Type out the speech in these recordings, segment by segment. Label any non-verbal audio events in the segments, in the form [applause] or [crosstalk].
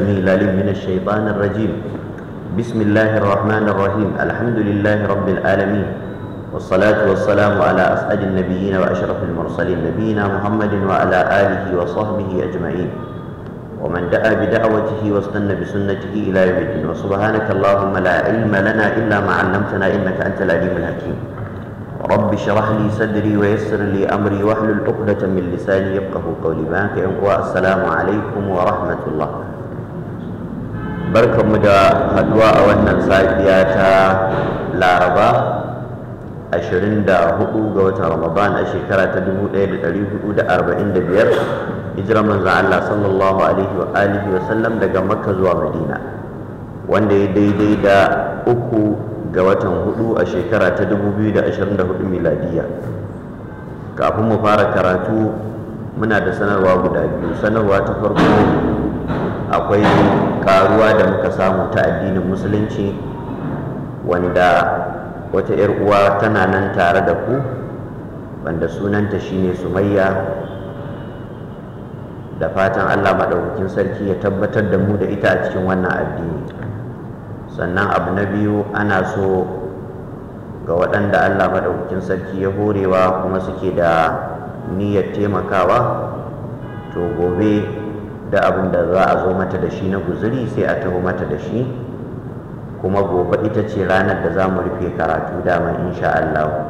من الشيطان الرجيم بسم الله الرحمن الرحيم الحمد لله رب العالمين والصلاة والسلام على أسعد النبيين وأشرف المرسلين نبينا محمد وعلى آله وصحبه أجمعين ومن دعا بدعوته واستنى بسنته إلى يوم الدين وسبحانك اللهم لا علم لنا إلا ما علمتنا إنك أنت العليم الحكيم رب اشرح لي صدري ويسر لي أمري واحلل عقدة من لساني يفقه قولي بانك السلام عليكم ورحمة الله barkanmu da haduwa a wannan safiya ta laraba 24 ga watan ramadan a shekara ta 1445 hijirar manzan Allah sallallahu alaihi wa alihi wa sallam daga makka zuwa madina wanda ya daidai da uku ga watan hudu a shekara ta 2024 miladiya kafin mu fara karatu muna da sanarwa guda biyu sanarwa ta farko akwai karuwa da muka samu ta addinin musulunci wanda wata 'yar uwa tana nan tare da ku wanda sunanta shine sumayya da fatan allah maɗaukakin sarki ya tabbatar da mu da ita a cikin wannan addini sannan abu na biyu ana so ga waɗanda allah maɗaukakin sarki ya horewa kuma suke da niyyar taimakawa to gobe da abin da za a zo mata da shi na guzuri sai a taho mata da shi kuma gobe ita ce ranar da za mu rufe karatu dama insha Allah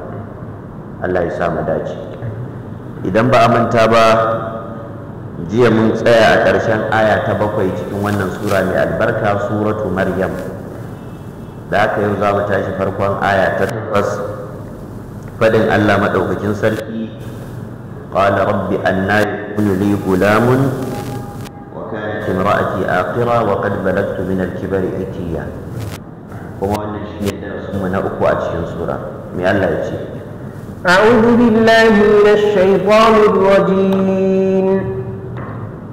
Allah ya sa mu dace idan ba a manta ba jiya mun tsaya a ƙarshen aya ta bakwai cikin wannan sura mai albarka suratu maryam da haka yau za mu tashi farkon aya ta takwas fadin Allah maɗaukakin sarki قال رب أنا يكون لي غلام امرأتي آقرة وقد بلغت من الكبر إتيا وما شيء درسمنا أكو أتشين سورة من الله يتي أعوذ بالله من الشيطان الرجيم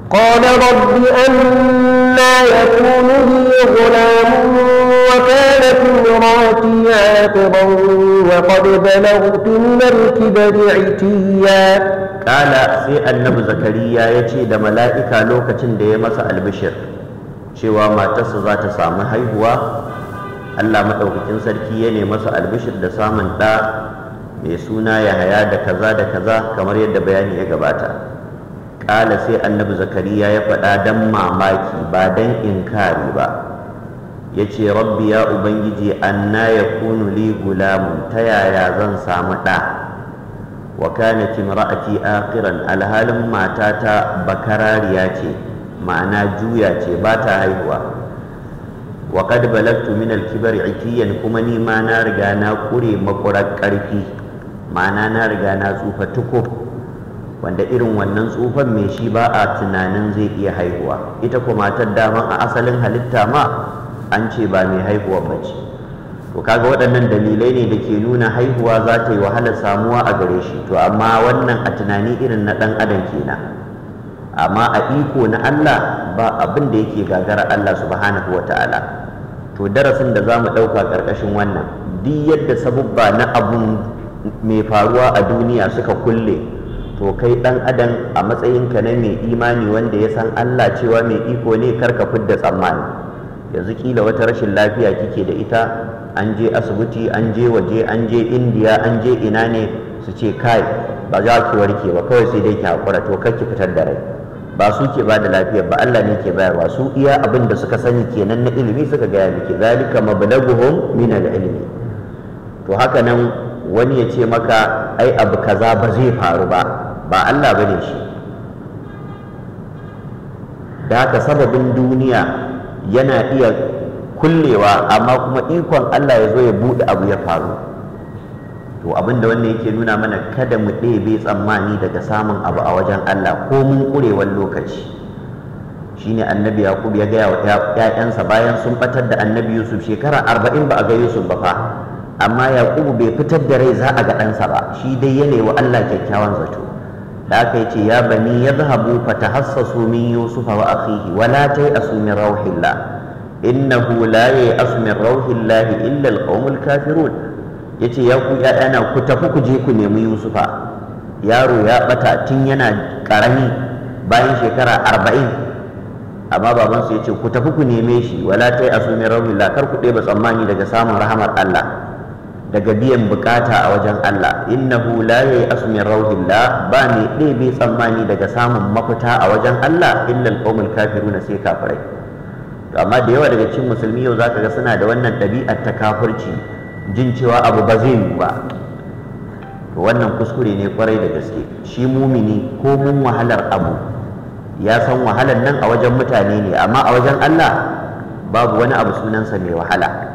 قال رب أن ما يكون لي غلام وكانت امراتي عاقرا وقد da من الكبر عتيا قال سي النبي زكريا يتي ده ملائكه لوكتين ده يمسا البشر cewa matarsa za ta samu haihuwa Allah maɗaukakin sarki ya ne masa albishir da samun ɗa mai suna Yahaya da kaza da kaza kamar yadda bayani ya gabata ƙala sai annabi zakariya ya faɗa don mamaki ba don inkari ba ya ce rabbi ya ubangiji anna ya kunu li gulamun ta yaya zan samu ɗa wa ra'aki a akiran alhalin mata ta bakarariya ce ma'ana juya ce ba ta haihuwa wa qad balagtu min al-kibar itiyan kuma ni ma na riga na kure makurar ƙarfi ma'ana na riga na tsufa tukur wanda irin wannan tsufan mai shi ba a tunanin zai iya haihuwa ita kuma matar dama a asalin halitta ma an ce ba mai haihuwa ba ce to kaga waɗannan dalilai ne da ke nuna haihuwa za ta yi wahalar samuwa a gare shi to amma wannan a tunani irin na ɗan adam kenan amma a iko na Allah ba abin da yake gagara Allah subhanahu wa ta'ala to darasin da za mu ɗauka ƙarƙashin wannan duk yadda sabubba na abun mai faruwa a duniya suka kulle to kai dan adam a matsayinka na mai imani wanda ya san Allah cewa mai iko ne karka fidda tsammani yanzu kila wata rashin lafiya kike da ita an je asibiti an je waje an je indiya an je ina ne su ce kai ba za ki warke ba kawai sai dai ki hakura to kar ki fitar da rai ba su ke ba da lafiya ba Allah ne ke bayarwa su iya abin da suka sani kenan na ilimi suka gaya miki zalika mablaghuhum min al-ilmi to haka nan wani ya ce maka ai abu kaza ba zai faru ba ba Allah bane shi da haka sababin duniya yana iya kullewa amma kuma ikon Allah ya zo ya buɗe abu ya faru to abinda wannan yake nuna mana kada mu ɗebe tsammani daga samun abu a wajen Allah ko mun ƙurewar lokaci shine annabi Yaqub ya gaya wa ‘ya'yansa bayan sun batar da annabi yusuf shekara arba'in ba a ga yusuf ba fa amma yakubu bai fitar da rai za a ga ɗansa ba shi dai ya wa Allah kyakkyawan zato da aka yi ce ya bani ya zahabu fatahassasu sumin yusufa wa akhihi wa la ta'asu asumin rauhillah innahu la ya'asu min rauhillah illa alqaumul kafirun yace ya ku ƴaƴana ku tafi ku je ku nemi yusufa yaro ya bata tun yana karami bayan shekara arba'in amma babansu ya ce ku tafi ku neme shi wala ta'asu min rauhillah kar ku ɗeba tsammani daga samun rahamar Allah daga biyan bukata a wajen Allah innahu la yayi min rauhillah ba ne ɗebe tsammani daga samun mafita a wajen Allah illal qawmul kafiruna sai kafirai to amma da yawa daga cikin musulmi yau zaka ga suna da wannan ɗabi'ar ta kafirci jin cewa abu ba zai yi ba to wannan kuskure ne kwarai da gaske shi mumini ko mun wahalar abu ya san wahalar nan a wajen mutane ne amma a wajen Allah babu wani abu sunansa mai wahala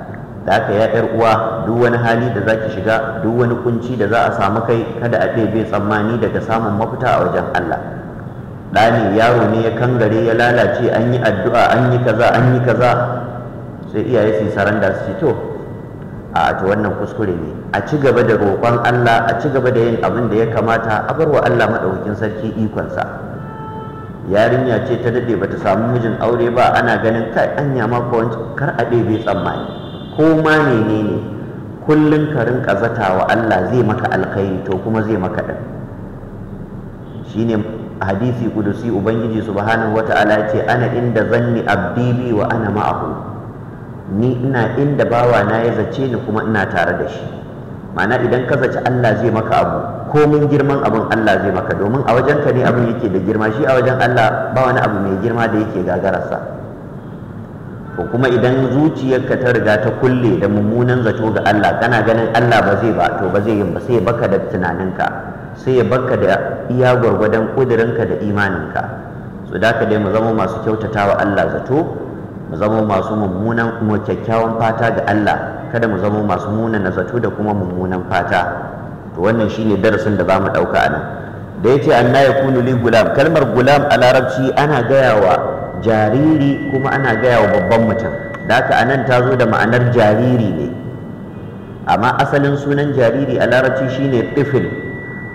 da aka ya yar uwa duk wani hali da zaki shiga duk wani kunci da za a samu kai kada a ɗebe tsammani daga samun mafita a wajen Allah ɗani yaro ne ya kangare ya lalace an yi addu'a an yi kaza an yi kaza sai iyaye su saranda su to a to wannan kuskure ne a ci gaba da roƙon Allah a ci gaba da yin abin da ya kamata a bar wa Allah madaukakin sarki ikonsa yarinya ce ta daɗe bata samu mijin aure ba ana ganin kai anya ma ko kar a ɗebe tsammani ko ma menene kullum ka rinka zata wa Allah zai maka alkhairi to kuma zai maka din shine hadisi kudusi ubangiji subhanahu wata'ala ce ana inda zanni abdi bi wa ana ma'ahu ni ina inda bawa na ya zace ni kuma ina tare da shi ma'ana idan ka zaci Allah zai maka abu komin girman abin Allah zai maka domin a wajenka ne abin yake da girma shi a wajen Allah ba wani abu mai girma da yake gagararsa ko kuma idan zuciyarka ta riga ta kulle da mummunan zato ga Allah kana ganin Allah ba zai ba to ba zai yin ba sai ya baka da tunaninka sai ya baka da iya gwargwadon kudirinka da imaninka so da ka dai mu zama masu kyautatawa Allah zato mu zama masu mummunan kuma kyakkyawan fata ga Allah kada mu zama masu munana zato da kuma mummunan fata to wannan shine darasin da zamu dauka anan da yace anna yakunu li gulam kalmar gulam a larabci ana gayawa jariri kuma ana gaya wa babban mutum da haka anan ta zo da ma'anar jariri ne amma asalin sunan jariri a larabci shine tifil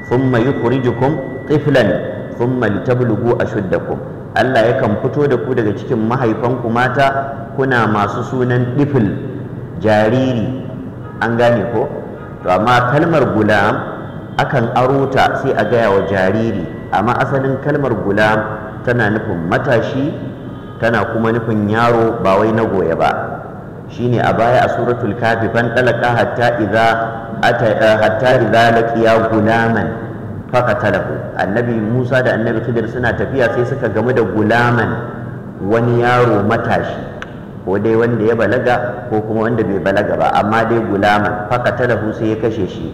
thumma yukhrijukum tiflan thumma litablughu ashuddakum Allah yakan fito da ku daga cikin mahaifanku mata kuna masu sunan tifil jariri an gane ko to amma kalmar gulam akan aro ta sai a gaya wa jariri amma asalin kalmar gulam tana nufin matashi tana kuma nufin yaro ba wai na goya ba shine a baya a suratul kafi ban talaka hatta idza ata hatta idza laqiya gulaman faqatalahu annabi Musa da annabi Khidir suna tafiya sai suka gamu da gulaman wani yaro matashi ko dai wanda ya balaga ko kuma wanda bai balaga ba amma dai gulaman faqatalahu sai ya kashe shi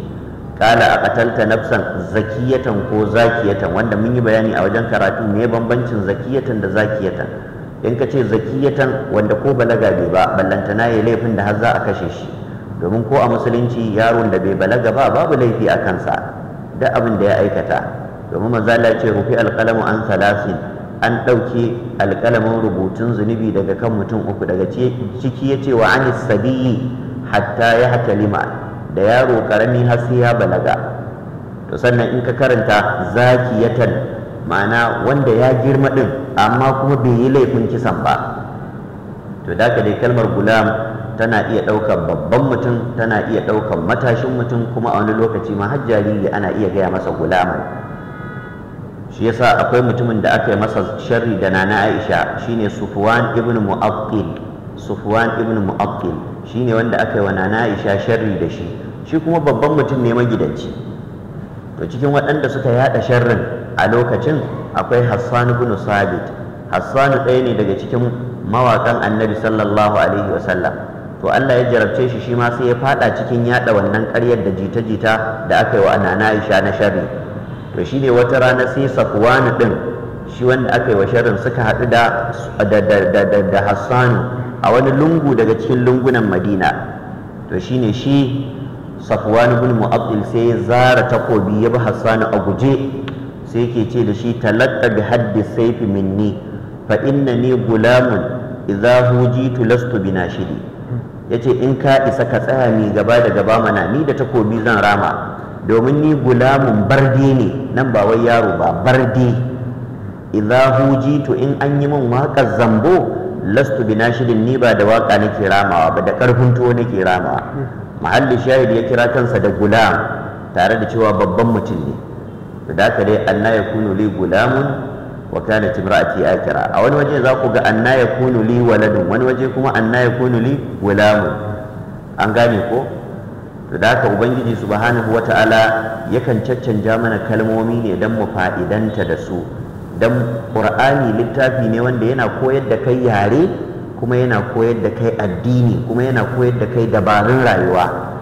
kala a katalta nafsan zakiyatan ko zakiyatan wanda mun yi bayani a wajen karatu ne bambancin zakiyatan da zakiyatan in ka ce zakiyatan wanda ko balaga bai ba ballantana ya laifin da har za a kashe shi domin ko a musulunci yaron da bai balaga ba babu laifi a kansa da abin da ya aikata domin manzala ce rufi alƙalamu an salasin an ɗauke alƙalamin rubutun zunubi daga kan mutum uku daga ciki ya ce wa an sabiyi hatta ya hakalima da yaro karami har sai ya balaga to sannan in ka karanta zakiyatan ma'ana wanda ya girma din amma kuma bai yi laifin kisan ba to da ka dai kalmar gulam tana iya ɗaukar babban mutum tana iya ɗaukar matashin mutum kuma a wani lokaci ma har jariri ana iya gaya masa gulamar shi yasa akwai mutumin da aka yi masa sharri da nana aisha shine sufwan ibn mu'aqqil sufwan ibn mu'aqqil shine wanda aka yi wa nana aisha sharri da shi shi kuma babban mutum ne magidanci to cikin waɗanda suka yada sharrin a lokacin akwai Hassan ibn Sabit Hassanu ɗaya ne daga cikin mawaƙan Annabi sallallahu alaihi wasallam to Allah ya jarabce shi shi ma sai ya fada cikin yaɗa wannan ƙaryar da jita-jita da aka yi wa Anana Aisha na sharri to shine wata rana sai Safwan din shi wanda aka yi wa sharrin suka haɗu da da Hassan a wani lungu daga cikin lungunan Madina to shine shi Safwan ibn mu'abdil sai ya zara takobi ya bi Hassanu a guje sai ce da shi talaqqa bi haddi sai minni fa innani gulamun idza hujitu lastu binashidi yace in ka isa ka tsaya ni gaba da gaba mana ni da takobi zan rama domin ni gulamun bardi ne nan ba wai yaro ba bardi idza hujitu in an yi min waƙar zambo lastu binashidin ni ba da waƙa nake ramawa ba da ƙarfin tuwo nake ramawa muhalli shahid ya kira kansa da gulam tare da cewa babban mutum ne to da ka dai anna yakunu li gulamun wa kanat imraati akira a wani waje za ku ga anna yakunu li waladun wani waje kuma anna yakunu li gulamun an gane ko to da haka ubangiji subhanahu wata'ala yakan caccanja mana kalmomi ne dan mu fa'idanta da su dan ƙur'ani littafi ne wanda yana koyar da kai yare kuma yana koyar da kai addini kuma yana koyar da kai dabarun rayuwa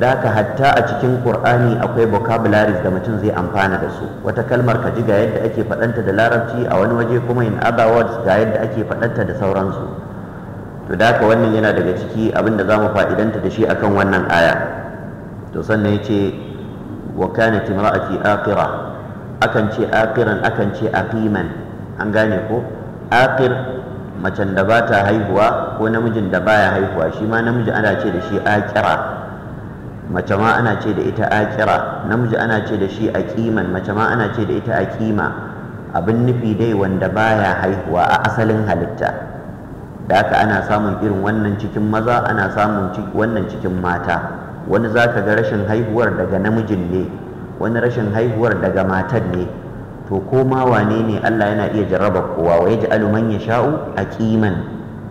to haka hatta a cikin qur'ani akwai vocabularies da mutum zai amfana da su wata kalmar ka ji ga yadda ake faɗanta da larabci a wani waje kuma in other words ga yadda ake faɗanta da sauransu to haka wannan yana daga ciki abin da za mu fa'idanta da shi akan wannan aya to sannan ya ce wa kanat imra'ati aqira akan ce aqiran akan ce aqiman an gane ko aqir macen da ba ta haihuwa ko namijin da baya haihuwa shi ma namiji ana ce da shi aqira mace ma ana ce da ita akira namiji ana ce da shi aqiman mace ma ana ce da ita aqima abin nufi dai wanda baya haihuwa a asalin halitta da haka ana samun irin wannan cikin maza ana samun wannan cikin mata wani zaka ga rashin haihuwar daga namijin ne wani rashin haihuwar daga matan ne to ko ma wane ne Allah yana iya jarraba kowa wa yaj'alu man A kiman,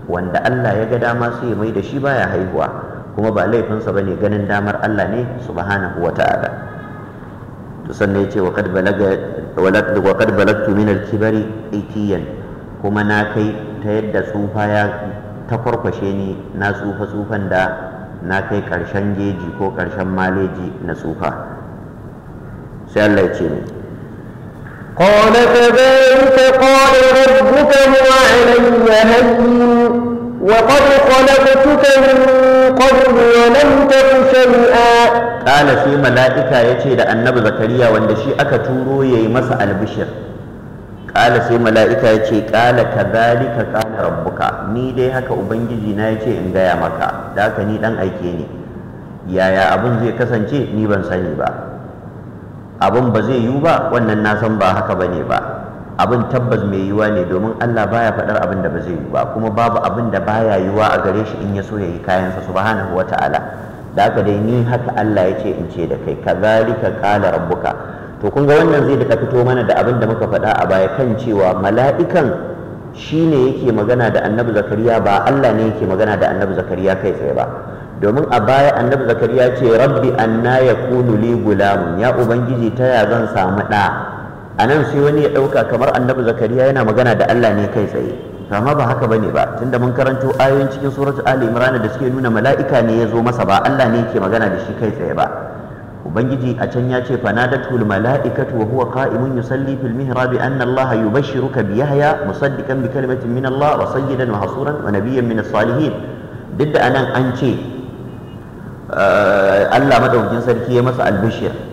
wanda Allah ya ga dama sai ya mai da shi baya haihuwa kuma ba laifinsa ba ne ganin damar Allah ne subhanahu wa ta'ala to sannan ya ce wa kad balagtu min al-kibari itiyan kuma na kai ta yadda tsufa ya takwarkwashe ni na tsufa tsufan da na kai karshen geji ko karshen maleji na tsufa sai Allah ya ce ni قال كذلك قال ربك هو علي هين Waƙo da folak na tuta ya zama ƙofin riyona ne, ta bai sha biyar. Kala sai Mala'ika ya da Annabi Zakariya wanda shi aka turo yayi masa albishir. Kala sai Mala'ika ya ce ƙala tazari ka kama Rabbu ka, ni dai haka Ubangiji na yace ce in gaya maka, za ka ni ɗan aike ne Yaya abun zai kasance ni ban sani ba. abun ba zai yiwu ba, wannan na san ba haka bane ba. abin tabbas mai yiwa ne domin Allah baya faɗar abin da ba zai yi ba kuma babu abin da baya yiwa a gare shi in ya so ya yi kayansa subhanahu wata'ala da aka dai ni haka Allah ya ce in ce da kai kazalika qala rabbuka to kun ga wannan zai daga fito mana da abin da muka faɗa a baya kan cewa mala'ikan shine yake magana da annabi zakariya ba Allah ne yake magana da annabi zakariya kai tsaye ba domin a baya annabi zakariya ce rabbi anna yakunu li gulamun ya ubangiji ta ya zan samu ɗa a nan sai wani ya ɗauka kamar annabi zakariya yana magana da Allah ne kai tsaye amma ba haka bane ba tunda mun karanto ayoyin cikin suratu ali imran da suke nuna mala'ika ne ya zo masa ba Allah ne yake magana da shi kai tsaye ba ubangiji a can ya ce fanadatul mala'ikatu wa huwa qa'imun yusalli fil mihrab anna Allah yubashshiruka bi yahya musaddiqan bi kalimatin min Allah wa sayyidan wa hasuran wa nabiyyan min as-salihin duk da anan an ce ah, Allah maɗaukin sarki ya masa albishir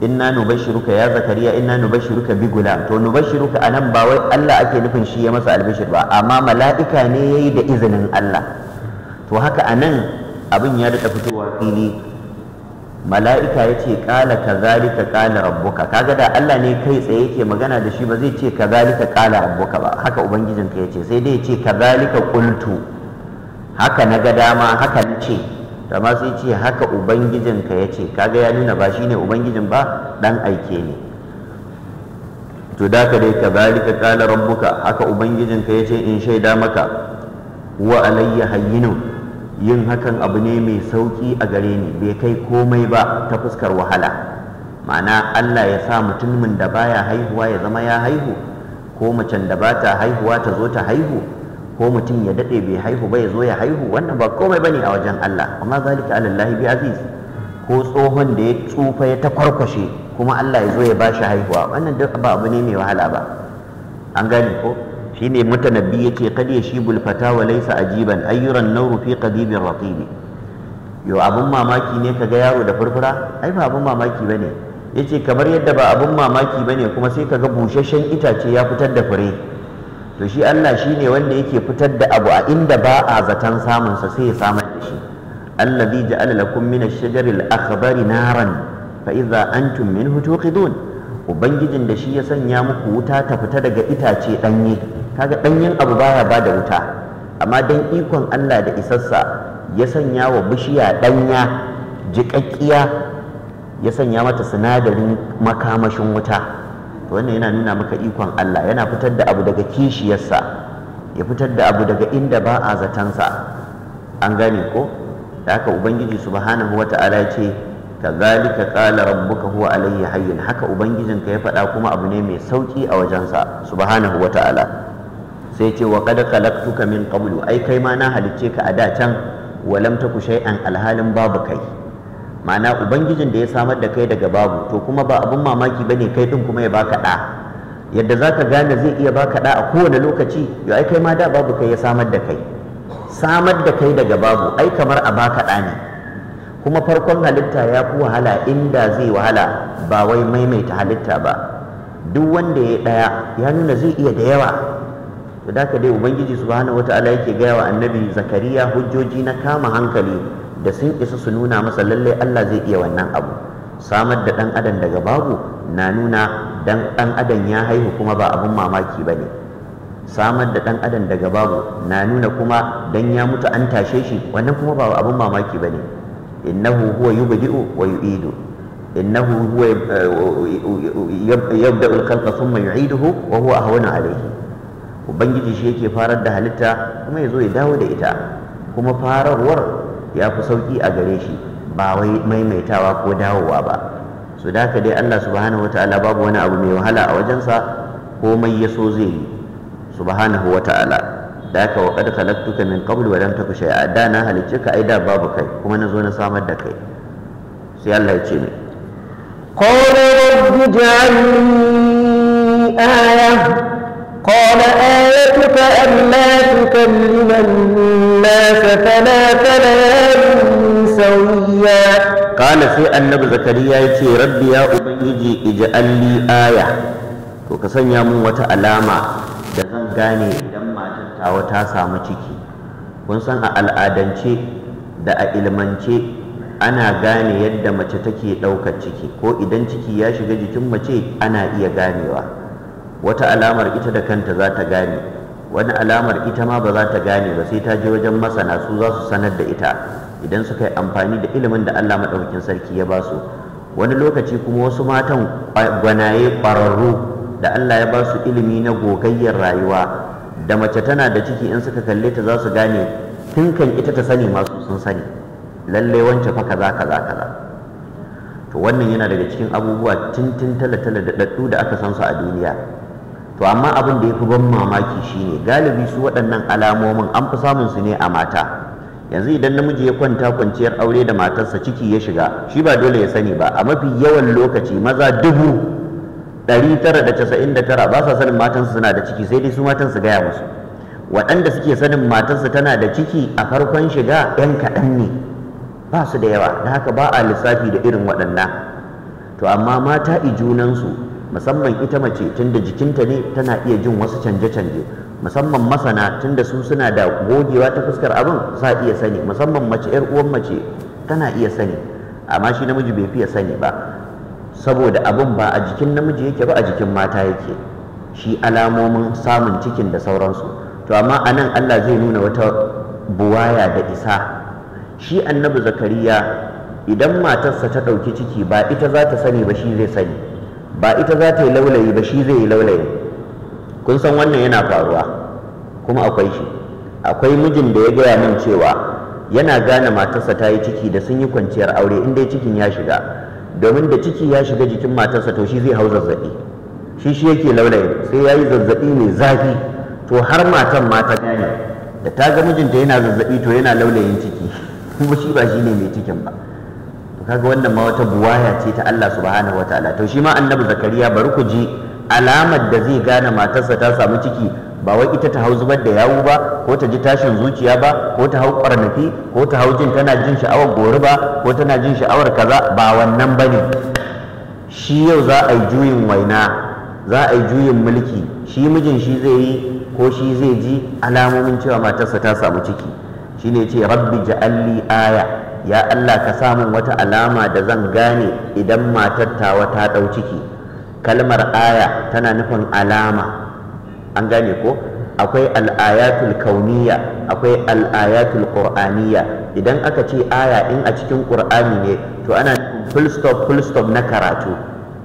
inna nubashiruka ya zakariya inna nubashiruka bi gulam to nubashiruka anan ba wai Allah ake nufin shi ya masa albishir ba amma mala'ika ne yayi da izinin Allah to haka anan abin ya rika fitowa fili mala'ika yace ce kala kazalika rabbuka kaga da Allah ne kai tsaye yake magana da shi ba zai ce kazalika qala rabbuka ba haka ubangijinka yace sai dai yace ce kazalika qultu haka na ga dama haka nace ce ma sai ce haka ubangijinka ya ce kaga ya nuna ba shi ne ubangijin ba dan aike ne to da ka dai ka zalika kala rabbuka haka ubangijinka ya ce in shaida maka wa alayya hayyinu yin hakan abu ne mai sauki a gare ni bai kai komai ba ta fuskar wahala ma'ana Allah ya sa mutumin da baya haihuwa ya zama ya haihu ko macen da bata haihuwa ta zo ta haihu ko mutum ya daɗe bai haihu ba ya zo ya haihu wannan ba komai bane a wajen Allah amma zalika alallahi bi aziz ko tsohon da ya tsufa ya ta kwarkwashe kuma Allah ya zo ya bashi haihuwa wannan duk ba abu ne mai wahala ba an gane ko shine mutanabbi yace, kad yashibul fata wa laysa ajiban ayyuran nawru fi qadibir raqibi yo abun mamaki ne kaga yaro da furfura ai ba abun mamaki bane yace kamar yadda ba abun mamaki bane kuma sai kaga busasshen itace ya fitar da fure to shi Allah ne wanda yake fitar da abu a inda ba a zaton samunsa sai ya samar da shi allazi ja'ala lakum min ash-shajari al-akhdari naran fa idza antum minhu tuqidun ubangijin da shi ya sanya muku wuta ta fita daga itace danye kaga danyen abu baya bada wuta amma dan ikon Allah da isassa ya sanya wa bishiya danya jiƙaƙƙiya ya sanya mata sinadarin makamashin wuta wannan yana nuna maka ikon Allah yana fitar da abu daga kishiyarsa ya fitar da abu daga inda ba a zatansa an gane ko da haka ubangiji subhanahu ta'ala ce kazalika qala rabbuka huwa alayhi hayyin haka ubangijin ka ya faɗa kuma abu ne mai sauki a wajensa subhanahu ta'ala sai ce wa qad khalaqtuka min qablu ai kai ma na halicce ka a da can walam taku shay'an alhalin babu kai ma'ana ubangijin da ya samar da kai daga babu to kuma ba abun mamaki bane kai din kuma ya baka da yadda zaka gane zai iya baka da a kowane lokaci yo ai kai ma da babu kai ya samar da kai samar da kai daga babu ai kamar a baka da ne kuma farkon halitta ya fi wahala inda zai wahala ba wai maimaita halitta ba duk wanda ya daya ya nuna zai iya da yawa to da dai ubangiji subhanahu wataala yake gaya wa annabi zakariya hujjoji na kama hankali da sun isa su nuna masa lallai Allah zai iya wannan abu samar da dan adam daga babu na nuna dan dan adam ya haihu kuma ba abin mamaki ba ne samar da dan adam daga babu na nuna kuma dan ya mutu an tashe shi wannan kuma ba abin mamaki ba ne innahu huwa yubdi'u wa yu'idu innahu huwa eh, yabda'u al-khalqa thumma yu'iduhu wa huwa ahwanu alayhi ubangiji shi yake farar da halitta kuma ya zo ya dawo da ita kuma fararwar ya fi sauƙi a gare shi ba wai maimaitawa ko dawowa ba su da dai Allah subhanahu wa ta'ala babu wani abu mai wahala a wajensa komai ya so zai yi subhanahu wa ta'ala da ka wa ƙarfa laktuka min qabl wa ta kushe a da na halicce ka ai da babu kai kuma na zo na samar da kai sai Allah ya ce mai qala rabbi قال آيتك ألا تكلم الناس ثلاث ليال سويا قال ce, Rabbi ya يتي ربي يا أبيجي اجعل لي آية to ka sanya min wata alama da zan gane idan matar ta samu ciki kun san a al'adance da a ilmance ana gane yadda mace take ɗaukar ciki ko idan ciki ya shiga jikin mace ana iya ganewa wata alamar ita da kanta za ta gane wani alamar ita ma ba za ta gane ba sai ta je wajen masana su za su sanar da ita idan suka yi amfani da ilimin da Allah maɗaukakin sarki ya ba su wani lokaci kuma wasu matan gwanaye ƙwararru da Allah ya ba su ilimi na gogayyar rayuwa da mace tana da ciki in suka kalle ta za su gane tun kan ita ta sani masu sun sani lallai wance fa kaza kaza kaza to wannan yana daga cikin abubuwa tintin talatala tala da daddu da aka san su a duniya to amma abin da ya fi ban mamaki shine galibi su waɗannan alamomin an fi samun su ne a mata yanzu idan namiji ya kwanta kwanciyar aure da matarsa ciki ya shiga shi ba dole ya sani ba a mafi yawan lokaci maza dubu ɗari tara da casa'in da tara ba sa sanin matansu suna da ciki sai dai su matan gaya musu waɗanda suke sanin matarsa tana da ciki a farkon shiga 'yan kaɗan ne ba su da yawa da haka ba a lissafi da irin waɗannan to amma mata ijunansu musamman ita mace tunda jikinta ne tana iya jin wasu canje-canje musamman masana tunda su suna da gogewa ta fuskar abin za iya sani musamman mace yar uwan mace tana iya sani amma shi namiji bai fiye sani ba saboda abin ba a jikin namiji yake ba a jikin mata yake shi alamomin samun cikin da sauransu to amma anan Allah zai nuna wata buwaya da isa shi annabi zakariya idan matarsa ta ɗauki ciki ba ita za ta sani ba shi zai sani ba ita za ta yi laulayi ba shi zai yi laulayi kun san wannan yana faruwa kuma akwai shi akwai mijin da ya gaya min cewa yana gane matarsa ta yi ciki da sun yi kwanciyar aure in dai cikin ya shiga domin da ciki ya shiga jikin matarsa to shi zai hau zazzaɓi shi shi yake laulayi sai ya yi zazzaɓi mai zafi to har matan ma ta gane da ta ga mijinta yana zazzaɓi to yana laulayin ciki [laughs] kuma shi ba shi ne mai cikin ba kaga wannan ma wata buwaya ce ta Allah subhanahu ta'ala to shi ma annabi zakariya bari ku ji alamar da zai gane matarsa ta samu ciki ba wai ita ta hau zubar da yawu ba ko ta ji tashin zuciya ba ko ta hau ƙwarnafi ko ta hau jin tana jin sha'awar gori ba ko tana jin sha'awar kaza ba wannan ba ne shi yau za a yi juyin waina za a yi juyin mulki shi mijin shi zai yi ko shi zai ji alamomin cewa matarsa ta samu ciki shine ce rabbi ja'alli aya ya Allah ka samun wata alama da zan gane idan matar ta ɗau ciki kalmar aya tana nufin alama an gane ko akwai al'ayatul kauniya akwai al'ayatul qur'aniya idan aka ce aya in a cikin qur'ani ne to ana full stop full stop na karatu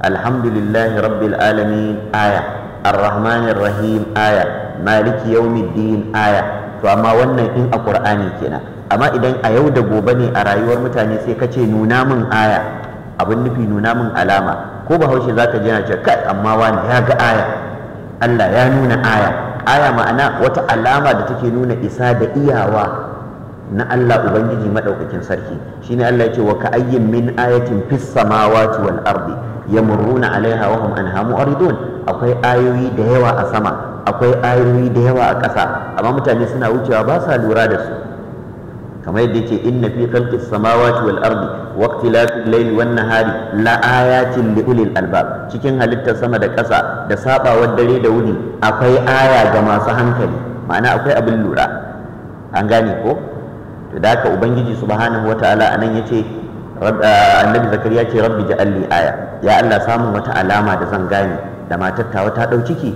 alhamdulillahi rabbil alamin aya arrahmanir rahim aya maliki yawmiddin aya to amma wannan in a qur'ani kenan amma idan a yau da gobe ne a rayuwar mutane sai ka ce nuna min aya abin nufi nuna min alama ko bahaushe za ka ji na ce kai amma wani ya ga aya Allah ya nuna aya aya ma'ana wata alama da take nuna isa da iyawa na Allah Ubangiji maɗaukakin sarki shine Allah ya ce wa ka'ayyin min ayatin fis samawati wal ardi muruna alaiha wa hum anha mu'ridun akwai ayoyi da yawa a sama akwai ayoyi da yawa a ƙasa amma mutane suna wucewa ba sa lura da su kamar yadda yake inna fi khalqi samawati wal ardi wa ikhtilafi al-layli wan nahari la ayatin li ulil albab cikin halittar sama da ƙasa da sabawar dare da wuni akwai aya ga masu hankali ma'ana akwai abin lura an gane ko to da haka ubangiji subhanahu wata'ala anan yace annabi zakariya ce rabbi ja'alli aya ya Allah samun wata alama da zan gane da matar ta wata dau ciki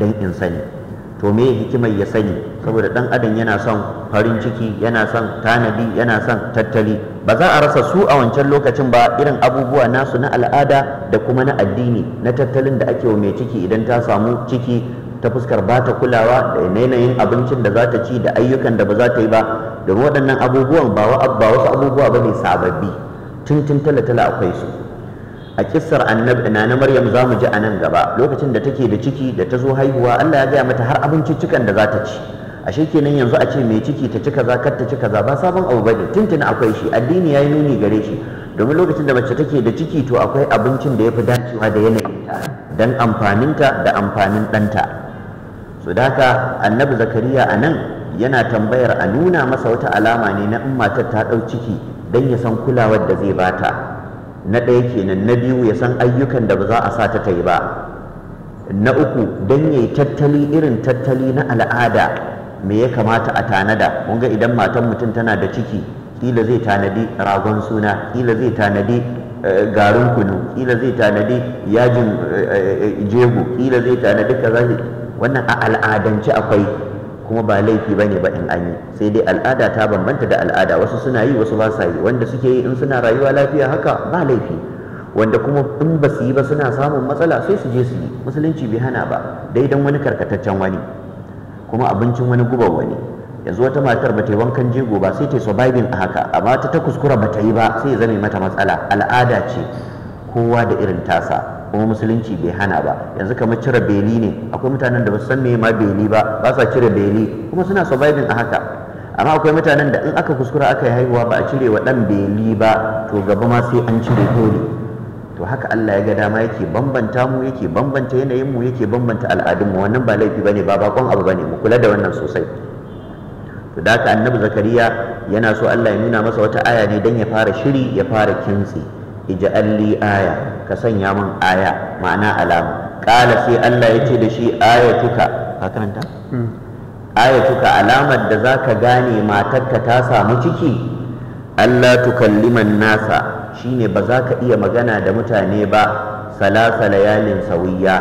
dan in sani to me hikimar ya sani saboda dan adam yana son farin ciki yana son tanadi yana son tattali ba za a rasa su a wancan lokacin ba irin abubuwa nasu na al'ada da kuma na addini na tattalin da ake wa mai ciki idan ta samu ciki ta fuskar ba ta kulawa da yanayin abincin da za ta ci da ayyukan da ba za ta yi ba domin waɗannan abubuwan ba wasu abubuwa ba ne sababbi tun tun tala tala akwai su a kissar annabi na maryam za mu ji a nan gaba lokacin da take da ciki da ta zo haihuwa Allah ya gaya mata har abinciccikan da za ta ci ashe kenan yanzu a ce mai ciki ta ci kaza kar ta ci kaza ba sabon abu bane tuntun akwai shi addini ya yi nuni gare shi domin lokacin da mace take da ciki to akwai abincin da ya fi dacewa da yanayi. dan amfaninta da amfanin ɗanta su daka annabi zakariya a nan yana tambayar a nuna masa wata alama ne na in matar ta ɗau ciki don ya san kulawar da zai bata na ɗaya kenan na biyu ya san ayyukan da ba za a sa ta ta yi ba na uku don yayi tattali irin tattali na al'ada me ya kamata a tanada mun ga idan matan mutum tana da ciki kila zai tanadi ragon suna kila zai tanadi eh, garin kunu kila zai tanadi yajin eh, eh, jego kila zai tanadi kaza wannan a al'adance akwai kuma ba laifi bane ba in an yi sai dai al'ada ta bambanta da al'ada wasu suna yi wasu ba sa yi wanda suke yi in suna rayuwa lafiya haka ba laifi wanda kuma in ba su yi ba suna samun matsala sai su je su yi musulunci bai hana ba daidan wani karkataccen wani kuma abincin wani guban wani yanzu wata matar ba ta yi wankan jego ba sai ta yi surviving a haka amma ta ta kuskura ba ta yi ba sai ya zame mata matsala al'ada ce kowa da irin tasa kuma musulunci bai hana ba yanzu kamar cire beli ne akwai mutanen da ba san me ma beli ba ba sa cire beli kuma suna surviving a haka amma akwai mutanen da in aka kuskura aka yi haihuwa ba a cire wa dan beli ba to gaba ma sai an cire dole to haka Allah ya ga dama yake bambanta mu yake bambanta yanayin mu yake bambanta al'adun mu wannan ba laifi bane ba bakon abu bane mu kula da wannan sosai to da haka annabi zakariya yana so Allah ya nuna masa wata aya ne dan ya fara shiri ya fara kintsi ija alli aya ka sanya min aya ma'ana alama qala sai Allah ya ce da shi ayatuka ka karanta hmm. ayatuka alamar da zaka gane matarka ta samu ciki Allah tukalliman nasa shine ba za ka iya magana da mutane ba salasa layalin sawiya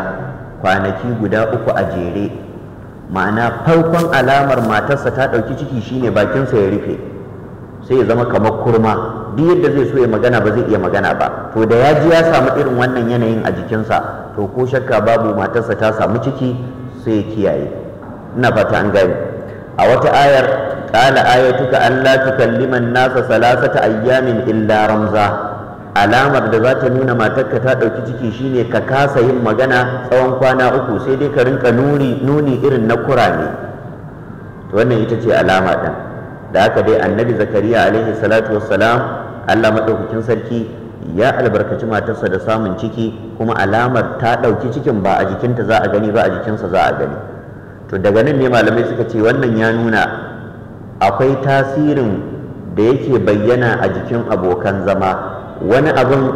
kwanaki guda uku a jere ma'ana farkon alamar matarsa ta ɗauki ciki shine bakinsa ya rufe sai ya zama kamar kurma duk yadda zai so ya magana ba zai iya magana ba to da ya ji ya samu irin wannan yanayin a jikinsa to ko shakka babu matarsa ta samu ciki sai ya kiyaye ina fata an gani a wata ayar qala ayatuka an la tukallima kalliman nasa salasata ayyamin illa ramza alamar da za ta nuna matarka ta ɗauki ciki shine ka kasa yin magana tsawon kwana uku sai dai ka rinka nuni irin na kurame wannan ita ce alama ɗin da aka dai annabi zakariya alaihi salatu wassalam Allah maɗaukakin sarki ya albarkaci matarsa da samun ciki kuma alamar ta ɗauki cikin ba a jikinta za a gani ba a jikinsa za a gani to daga nan ne malamai suka ce wannan ya nuna akwai tasirin da yake bayyana a jikin abokan zama wani abin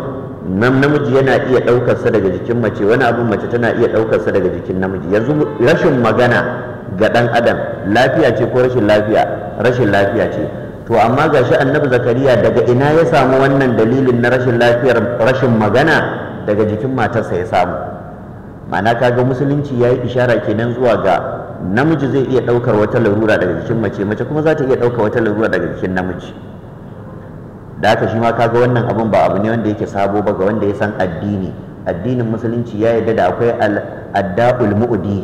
namiji yana iya ɗaukarsa daga jikin mace wani abin mace tana iya ɗaukarsa daga jikin namiji yanzu rashin magana ga ɗan adam lafiya ce ko rashin lafiya rashin lafiya ce to amma ga shi annabi zakariya daga ina ya samu wannan dalilin na rashin lafiyar rashin magana daga jikin matarsa ya samu ma'ana kaga musulunci ya yi ishara kenan zuwa ga namiji zai iya ɗaukar wata larura daga jikin mace mace kuma za ta iya ɗaukar wata larura daga jikin namiji da haka shi ma kaga wannan abin ba abu ne wanda yake sabo ba ga wanda ya san addini addinin musulunci ya yarda da akwai adda'ul ulmu'udi.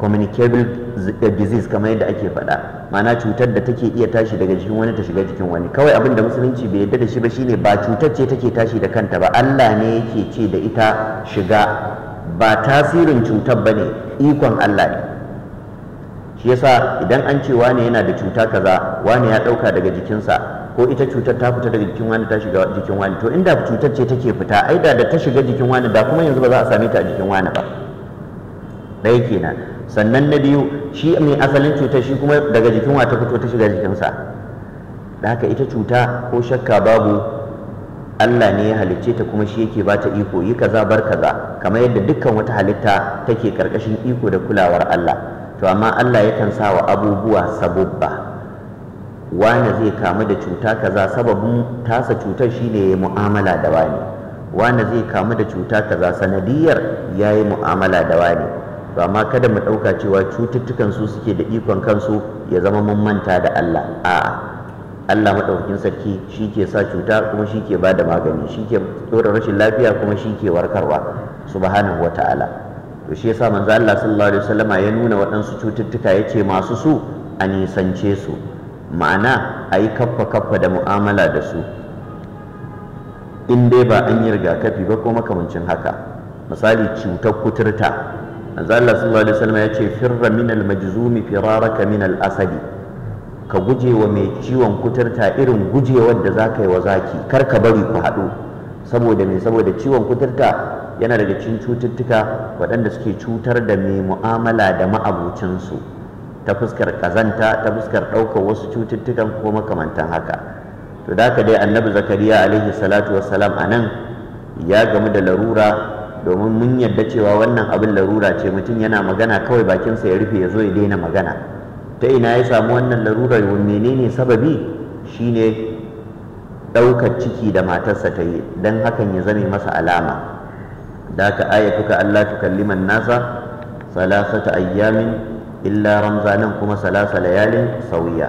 communicable eh, disease kamar yadda ake faɗa ma'ana cutar da take iya tashi daga jikin wani ta shiga jikin wani kawai abin da musulunci bai yadda da shi ba shine ba cutar ce take tashi da kanta ba Allah ne yake ce da ita shiga ba tasirin cutar bane ikon Allah ne shi yasa idan an ce wani yana da cuta kaza wani ya ɗauka daga jikinsa ko ita cutar ta fita daga jikin wani ta shiga jikin wani to inda cutar ce take fita ai da ta shiga jikin wani da kuma yanzu ba za a same ta a jikin wani ba ɗaya kenan sannan na biyu shi mai asalin cutar shi kuma daga jikin wata fito ta shiga jikinsa da haka ita cuta ko shakka babu Allah ne ya halicce ta kuma shi yake ba ta iko yi kaza bar kaza kamar yadda dukkan wata halitta take karkashin iko da kulawar Allah to amma Allah yakan sa wa abubuwa sabubba wane zai kamu da cuta kaza sababin tasa cutar shine ya mu'amala da wani wane zai kamu da cuta kaza sanadiyar ya yi mu'amala da wani to amma kada mu ɗauka cewa cututtukan su suke da ikon kansu ya zama mun manta da Allah 'a Allah maɗaukin sarki shi ke sa cuta kuma shi ke bada magani shi ke tsoron rashin lafiya kuma shi ke warkarwa subhanahu wata'ala to shi yasa manzo Allah sallallahu alaihi wasallama ya nuna waɗansu cututtuka ya ce masu su a nisance su ma'ana a yi kaffa kaffa da mu'amala da su in dai ba an yi rigakafi ba ko makamancin haka misali cutar kuturta manzo Allah sallallahu alaihi wasallam ya ce firra minal majzumi firaraka minal asadi ka guje wa mai ciwon kuturta irin gujewar da za ka yi wa zaki kar ka bari ku haɗu saboda me saboda ciwon kuturta yana daga cikin cututtuka waɗanda suke cutar da mai mu'amala da ma'abucinsu ta fuskar kazanta ta fuskar ɗaukar wasu cututtukan ko makamantan haka to da dai annabi zakariya alaihi salatu wassalam a nan ya gamu da larura domin mun yadda cewa wannan abin larura ce mutum yana magana kawai bakinsa ya rufe ya zo ya daina magana ta ina ya samu wannan larurar menene sababi shine ɗaukar ciki da matarsa ta yi don hakan ya zame masa alama da aka ka Allah liman nasa salasata ayyamin illa ramza nan kuma salasa layalin sauya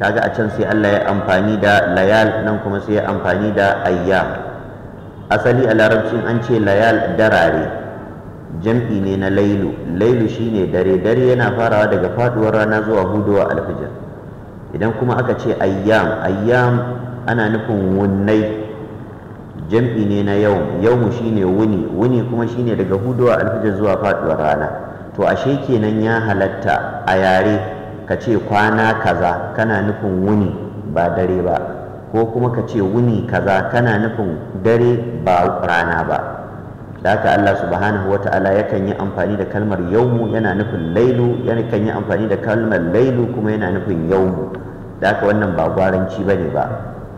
kaga a can sai Allah ya amfani da layal nan kuma sai ya amfani da ayyam asali a larabcin an ce layal darare jam'i ne na lailu lailu shine dare dare yana farawa daga faduwar rana zuwa hudowa alfijir idan kuma aka ce ayyam ayyam ana nufin wunnai jam'i ne na yau yawmu shine wuni wuni kuma shine daga hudowa alfijir zuwa faduwar rana to ashe kenan ya halatta a yare ka ce kwana kaza kana nufin wuni ba dare ba ko kuma ka ce wuni kaza kana nufin dare ba rana ba da haka Allah subhanahu wa ta'ala yakan yi amfani da kalmar yaumu yana nufin lailu yakan yi amfani da kalmar lailu kuma yana nufin yaumu da haka wannan ba gwaranci ba ne ba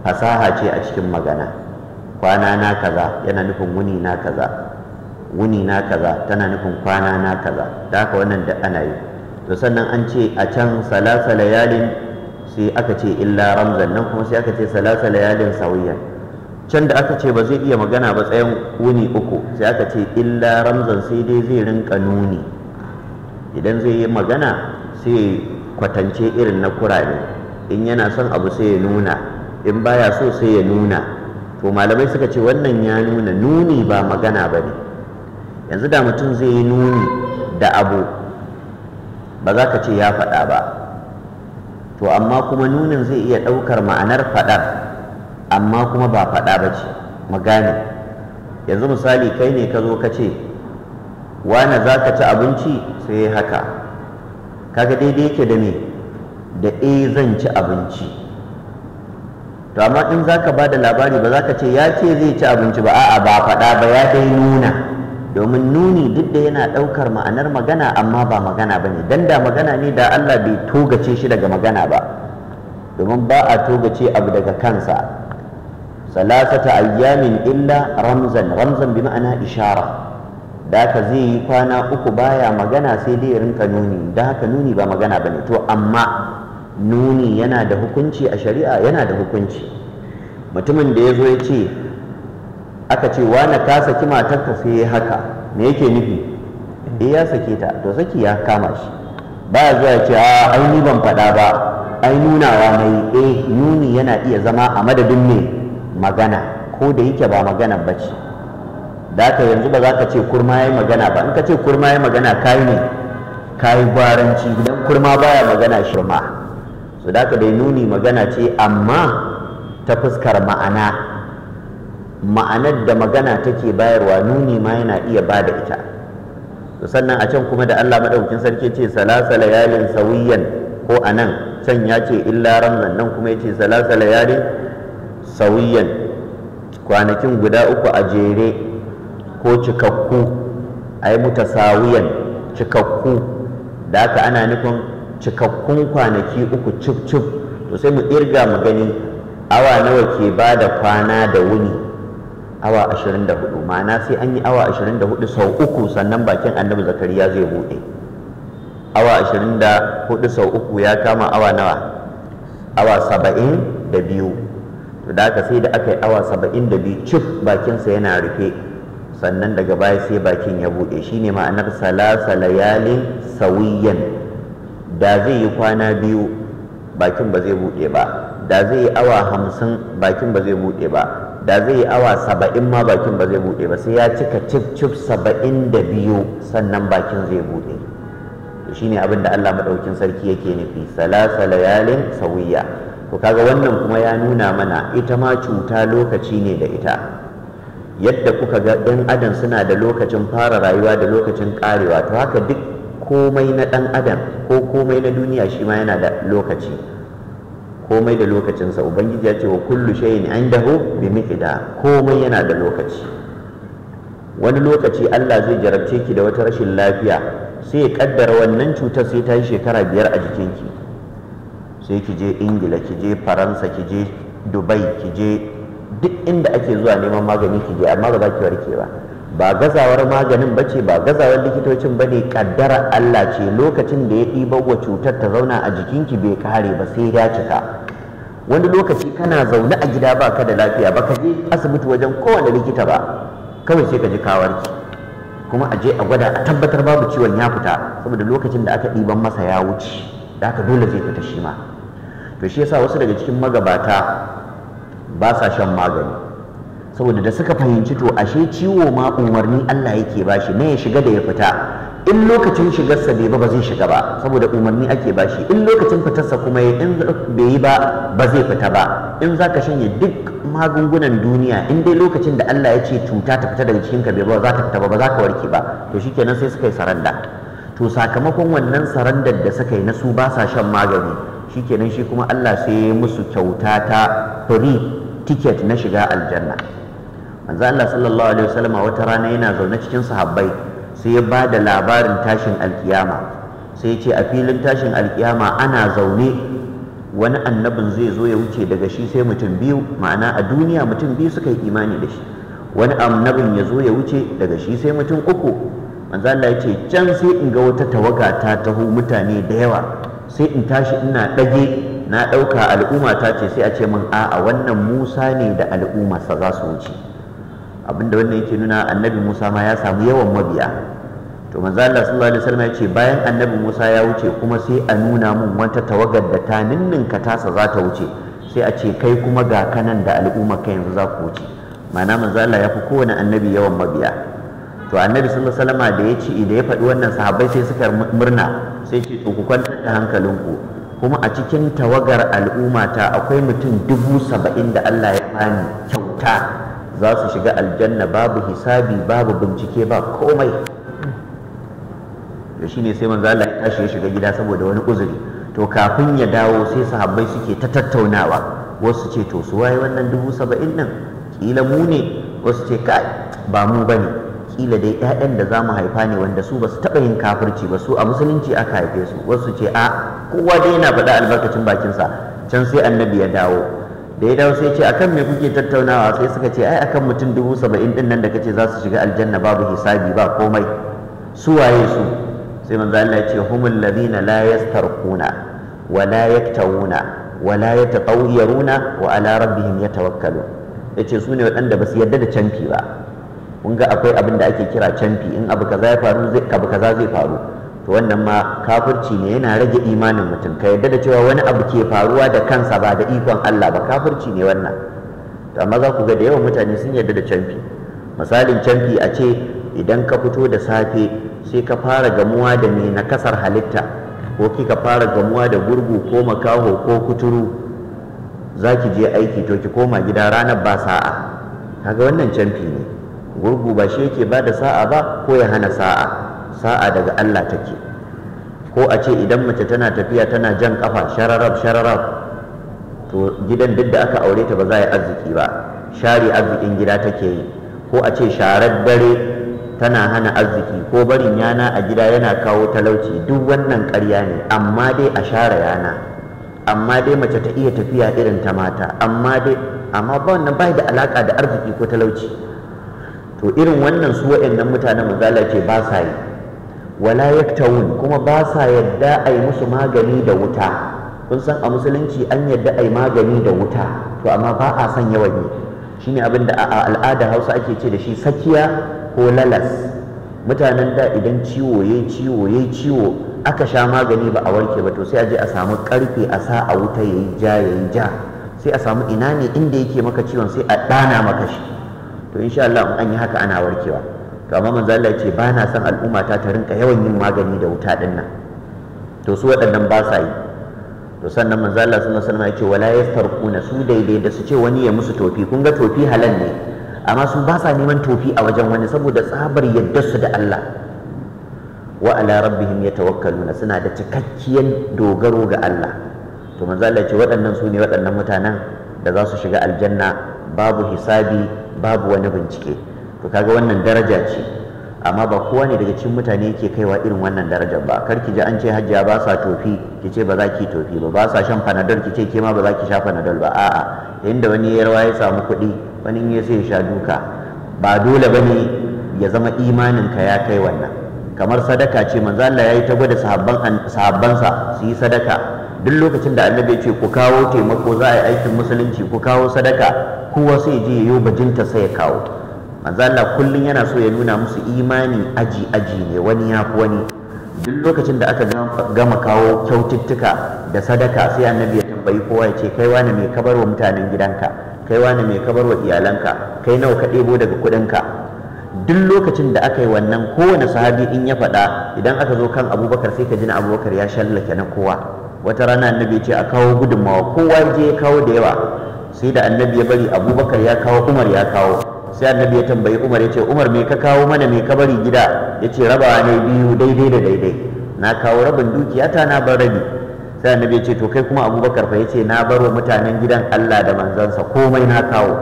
fasaha ce a cikin magana kwana na kaza yana nufin wuni na kaza wuni na kaza tana nufin kwana na kaza da haka wannan da ana yi to sannan an ce a can salasa layalin sai aka ce illa ramzan nan kuma sai aka ce salasa layalin sawiya can da aka ce ba zai iya magana ba tsayin wuni uku sai aka ce illa ramzan sai dai zai rinka nuni idan zai yi magana sai kwatance irin na kurare in yana son abu sai ya nuna in baya so sai ya nuna to malamai suka ce wannan ya nuna nuni ba magana ba ne yanzu da mutum zai yi nuni da abu ba za ka ce ya faɗa ba to amma kuma nunin zai iya ɗaukar ma'anar faɗar amma kuma ba faɗa ba ce mu gane yanzu misali kai ne ka zo ka ce wane za ka ci abinci sai ya haka kaga daidai yake da me da e zan ci abinci to amma in za ka ba da labari ba za ka ce ya ce zai ci abinci ba a'a ba faɗa ba ya dai nuna domin nuni duk da yana ɗaukar ma'anar magana amma ba magana ba ne don da magana ne da Allah bai togace shi daga magana ba domin ba a togace abu daga kansa salasata ayyamin illa ramzan ramzan bi ma'ana ishara da haka zai yi kwana uku baya magana sai dai rinka nuni da haka nuni ba magana ba ne to amma nuni yana da hukunci a shari'a yana da hukunci mutumin da ya zo ya ce aka ce na ka saki matarka sai ya haka me yake nufi eh ya sake ta to saki ya kama shi baya zuwa ce a ah, aini ban faɗa ba ai nunawa mai eh nuni yana iya zama a madadin ne magana ko da yake ba magana ba ce da ka yanzu ba za ka ce kurma ya magana ba in ka ce kurma ya magana kayi ne kayi gwaranci idan kurma baya magana shirma so da ka dai nuni magana ce amma ta fuskar ma'ana ma'anar da magana take bayarwa nuni ma yana iya ba da ita sannan a can kuma da Allah maɗaukin sarki ce salasa layalin sawiyan ko a nan can ya ce illa ramzan nan kuma ya ce salasa layalin sawiyan kwanakin guda uku a jere ko cikakku a yi sawiyan cikakku da haka ana nufin cikakkun kwanaki uku cif cif to sai mu irga mu gani awa nawa ke ba da kwana da wuni awa 24 ma'ana sai an yi awa 24 sau uku sannan bakin annabi zakariya zai buɗe awa 24 sau uku ya kama awa nawa awa 72 to da aka sai da aka yi awa 72 cif bakinsa yana rufe sannan daga baya sai bakin ya buɗe shine ma'anar salasa layalin sawiyan da zai yi kwana biyu bakin ba zai buɗe ba da zai yi awa hamsin bakin ba zai buɗe ba da zai yi awa saba'in ma bakin ba zai buɗe ba sai ya cika cif cif saba'in da biyu sannan bakin zai buɗe shi shine abin da Allah maɗaukin sarki yake nufi salasa layalin sawiya to kaga wannan kuma ya nuna mana ita ma cuta lokaci ne da ita yadda kuka ga ɗan adam suna da lokacin fara rayuwa da lokacin karewa to haka duk komai na ɗan adam ko komai na duniya shi ma yana da lokaci komai da lokacinsa ubangiji ya ce wa kullu shay'in an indahu bi miqdar komai yana da lokaci wani lokaci Allah zai jarabce ki da wata rashin lafiya sai ya kaddara wannan cutar sai ta yi shekara biyar a jikinki sai ki je ingila ki je faransa ki je dubai ki je duk inda ake zuwa neman magani ki je amma ba za ki warke ba ba gazawar maganin ba ce ba gazawar likitocin ba ne kaddara Allah ce lokacin da ya ɗiba wa cutar ta zauna a jikinki bai kare ba sai ya cika wani lokaci kana zaune a gida ba ka da lafiya ba ka je asibiti wajen kowane likita ba kawai sai ka ji kawarki kuma a je a gwada a tabbatar babu ciwon ya fita saboda lokacin da aka ɗiban masa ya wuce da aka dole zai fita shi ma to shi yasa wasu daga cikin magabata ba sa shan magani saboda da suka fahimci to ashe ciwo ma umarni Allah yake bashi ne ya shiga da ya fita in lokacin shigarsa bai ba ba zai shiga ba saboda umarni ake bashi in lokacin fitarsa kuma in bai yi ba ba zai fita ba in za shanye duk magungunan duniya in dai lokacin da Allah ya ce cuta ta fita daga cikinka bai ba za ta fita ba ba za ka warke ba to shikenan sai suka yi saranda to sakamakon wannan sarandar da suka yi na su ba sa shan magani shikenan shi kuma Allah sai ya musu kyauta ta free ticket na shiga aljanna manzo Allah sallallahu alaihi wasallam wata rana yana zaune cikin sahabbai sai ya ba da labarin tashin alkiyama sai ya ce a filin tashin alkiyama ana zaune wani annabin zai zo ya wuce daga shi sai mutum biyu ma'ana a duniya mutum biyu suka yi imani da shi wani annabin ya zo ya wuce daga shi sai mutum uku manzo Allah ya ce can sai in ga wata tawaga ta taho mutane da yawa sai in tashi ina dage na ɗauka al'umma ta ce sai a ce min a'a wannan Musa ne da al'ummarsa za su wuce abinda wannan yake nuna annabi Musa ma ya samu yawan mabiya to manzo Allah sallallahu alaihi wasallam ya ce bayan annabi Musa ya wuce kuma sai a nuna mun wata tawagar da ta ninninka tasa za ta wuce sai a ce kai kuma ga kanan da al'umma kai yanzu za ku wuce ma'ana manzo Allah ya fi kowane annabi yawan mabiya to annabi sallallahu alaihi wasallam da ya ce da ya faɗi wannan sahabbai sai suka murna sai ce to ku kwantar da hankalinku kuma a cikin tawagar al'umma ta akwai mutum dubu saba'in da Allah ya bani kyauta za su shiga aljanna babu hisabi babu bincike ba komai da shi ne sai manzo Allah ya tashi ya shiga gida saboda wani uzuri to kafin ya dawo sai sahabbai suke ta tattaunawa wasu ce to su waye wannan dubu saba'in nan kila mu ne wasu ce ka ba mu ba ne kila dai ƴaƴan da za mu haifa ne wanda su ba su taɓa yin kafirci ba su a musulunci aka haife su wasu ce a kowa dai na faɗa albarkacin bakinsa can sai annabi ya dawo da ya dawo sai ce akan me kuke tattaunawa sai suka ce ai akan mutum dubu saba'in din nan da kace za su shiga aljanna babu hisabi ba komai su waye su sai manzo Allah ya ce humul ladina la yastarquna wa la yaktawuna wa la yatatawiruna wa ala rabbihim yatawakkalu yace su ne waɗanda ba su yarda da canfi ba kun ga akwai abin da ake kira canfi in abu kaza ya faru zai kaza zai faru to wannan ma kafirci ne yana rage imanin mutum ka yadda da cewa wani abu ke faruwa da kansa ba da ikon Allah ba kafirci ne wannan to amma za ku ga da yawan mutane sun yadda da canfi misalin canfi a ce idan ka fito da safe sai ka fara gamuwa da mai nakasar halitta ko kika fara gamuwa da gurgu ko makaho ko kuturu za ki je aiki to ki koma gida ranar ba sa'a kaga wannan canfi ne gurgu ba shi yake ba da sa'a ba ko ya hana sa'a sa'a daga Allah take ko a ce idan mace tana tafiya tana jan kafa shararab shararab to gidan duk da aka aure ta ba za a yi arziki ba share arzikin gida take yi ko a ce sharar dare tana hana arziki ko barin yana a gida yana kawo talauci duk wannan ƙarya ne amma dai a share yana amma dai mace ta iya tafiya irin ta mata amma dai amma ba wannan bai da alaka da arziki ko talauci to irin wannan su waɗannan mutanen mazala ce ba sa yi wala yaktawun kuma ba sa yadda a yi musu magani da wuta kun san a musulunci an yadda a yi magani da wuta to amma ba a son yawan yi shine abin da a al'ada hausa ake ce da shi sakiya ko lalas mutanen da idan ciwo ya ciwo ya ciwo aka sha magani ba a warke ba to sai a je a samu karfe a sa a wuta ya yi ja ya yi ja sai a samu ina ne inda yake maka ciwon sai a ɗana maka shi to insha Allah an yi haka ana warkewa to amma manzo Allah ce ba na son al'umma ta ta rinka yawan yin magani da wuta din nan to su waɗannan ba sa yi to sannan manzo Allah sallallahu alaihi ya ce wala yastarquna su daidai da su ce wani ya musu tofi kun ga tofi halal ne amma su ba sa neman tofi a wajen wani saboda tsabar yadda su da Allah wa ala rabbihim yatawakkaluna suna da cikakkiyar dogaro ga Allah to manzo Allah ce waɗannan su ne waɗannan mutanen da za su shiga aljanna babu hisabi babu wani bincike to kaga wannan daraja ce amma ba kowa ne daga cikin mutane yake kaiwa irin wannan daraja ba kar ki ji an ce hajjiya ba sa tofi ki ce ba za ki tofi ba ba sa shan panadol ki ce ke ma ba za ki sha panadol ba a'a inda wani ya rawa ya samu kuɗi wani ya sai ya sha duka ba dole ne ya zama imanin ka ya kai wannan kamar sadaka ce manzo Allah yayi ta gwada sahabban sahabbansa su yi sadaka duk lokacin da Allah ya ce ku kawo taimako za a yi aikin musulunci ku kawo sadaka kowa sai ya je ya yi bajinta sai ya kawo manzala kullum yana so ya nuna musu imani aji aji ne wani ya fi wani duk lokacin da aka gama kawo kyaututtuka da sadaka sai annabi ya tambayi kowa ya ce kai wani mai kabar wa mutanen gidanka kai wani mai kabar wa iyalanka kai nawa ka ɗebo daga kuɗinka duk lokacin da aka yi wannan kowane sahabi in ya faɗa idan aka zo kan abubakar sai ka ji na abubakar ya shallake na kowa wata rana annabi ce a kawo gudunmawa kowa je ya kawo da yawa sai da annabi ya bari abubakar ya kawo umar ya kawo sai annabi ya tambayi umar ya ce umar me ka kawo mana me ka bari gida ya ce raba ne biyu daidai da daidai na kawo rabin dukiyata na bar rabi sai annabi ya ce to kai kuma abubakar fa ya ce na bar wa mutanen gidan allah da manzansa komai na kawo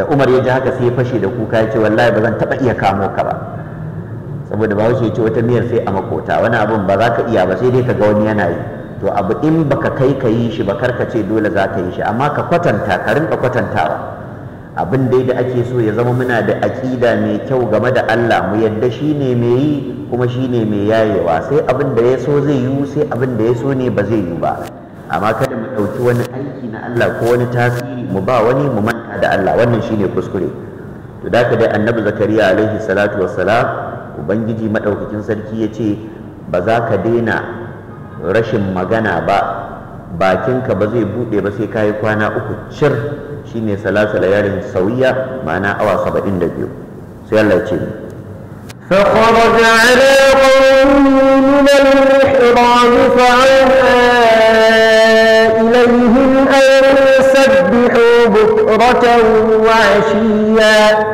da umar ya ji haka sai ya fashe da kuka ya ce wallahi ba zan taɓa iya kamo ka ba saboda ba ya ce wata miyar sai a makota wani abun ba za ka iya ba sai dai ka ga wani yana yi to abu in baka kai ka yi shi ba kar ka ce dole za ka yi shi amma ka kwatanta ka rinka kwatantawa abin dai da ake so ya zama muna da aƙida mai kyau game da Allah mu yadda shi ne mai yi kuma shi ne mai yayewa sai abin da ya so zai yi sai abin da ya so ne ba zai yi ba amma kada mu ɗauki wani aiki na Allah ko wani tasiri mu ba wani mu manta da Allah wannan shi ne kuskure to da dai annabi zakariya alaihi salatu wassalam ubangiji maɗaukakin sarki ya ce ba za ka daina rashin magana ba bakinka ba zai buɗe ba sai ka yi kwana uku cir shi ne salasa da yarin sauya ma'ana awa saba'in da biyu sai Allah ce ne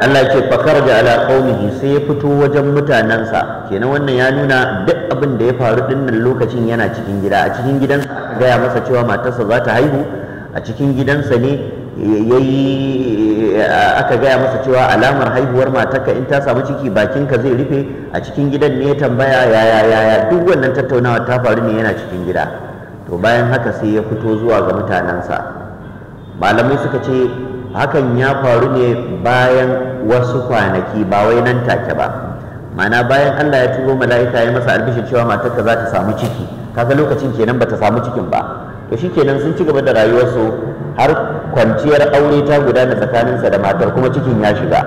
Allah ce fakar da alaƙauni sai ya fito wajen mutanensa ke na wannan ya nuna duk abin da ya faru ɗinnan lokacin yana cikin gida a cikin gidan gaya masa cewa matarsa za ta haihu a cikin gidansa ne yayi aka gaya masa cewa alamar haihuwar matarka in ta samu ciki bakinka zai rufe a cikin gidan ne ya tambaya yaya yaya duk wannan tattaunawa ta faru ne yana cikin gida to bayan haka sai ya fito zuwa ga mutanensa malamai suka ce hakan ya faru ne bayan wasu kwanaki ba wai nan take ba mana bayan Allah ya turo mala'ika ya masa albishir cewa matarka za ta samu ciki kaga lokacin kenan ba ta samu cikin ba to shikenan sun ci gaba da rayuwarsu har kwanciyar aure ta gudana tsakaninsa da matar kuma cikin ya shiga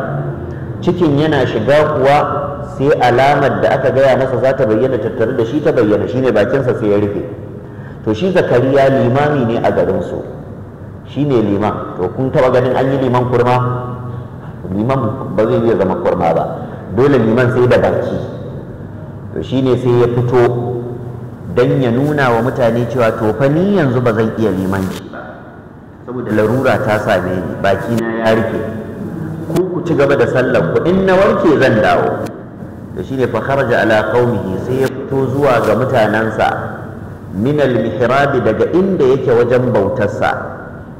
cikin yana shiga kuwa sai alamar da aka gaya masa za ta bayyana tattare da shi ta bayyana shine bakinsa sai ya rufe to shi zakariya limami ne a garinsu shi ne liman to kun taba ganin an yi liman kurma liman ba zai iya zama kurma ba dole liman sai da baki to shi ne sai ya fito don ya nuna wa mutane cewa to fa yanzu ba zai iya limanci ba saboda larura ta same ni baki na ya rike ku ku ci gaba da sallar ku in na warke zan dawo da shine fa kharaja ala qaumihi sai ya fito zuwa ga mutanansa min al mihrabi daga inda yake wajen bautarsa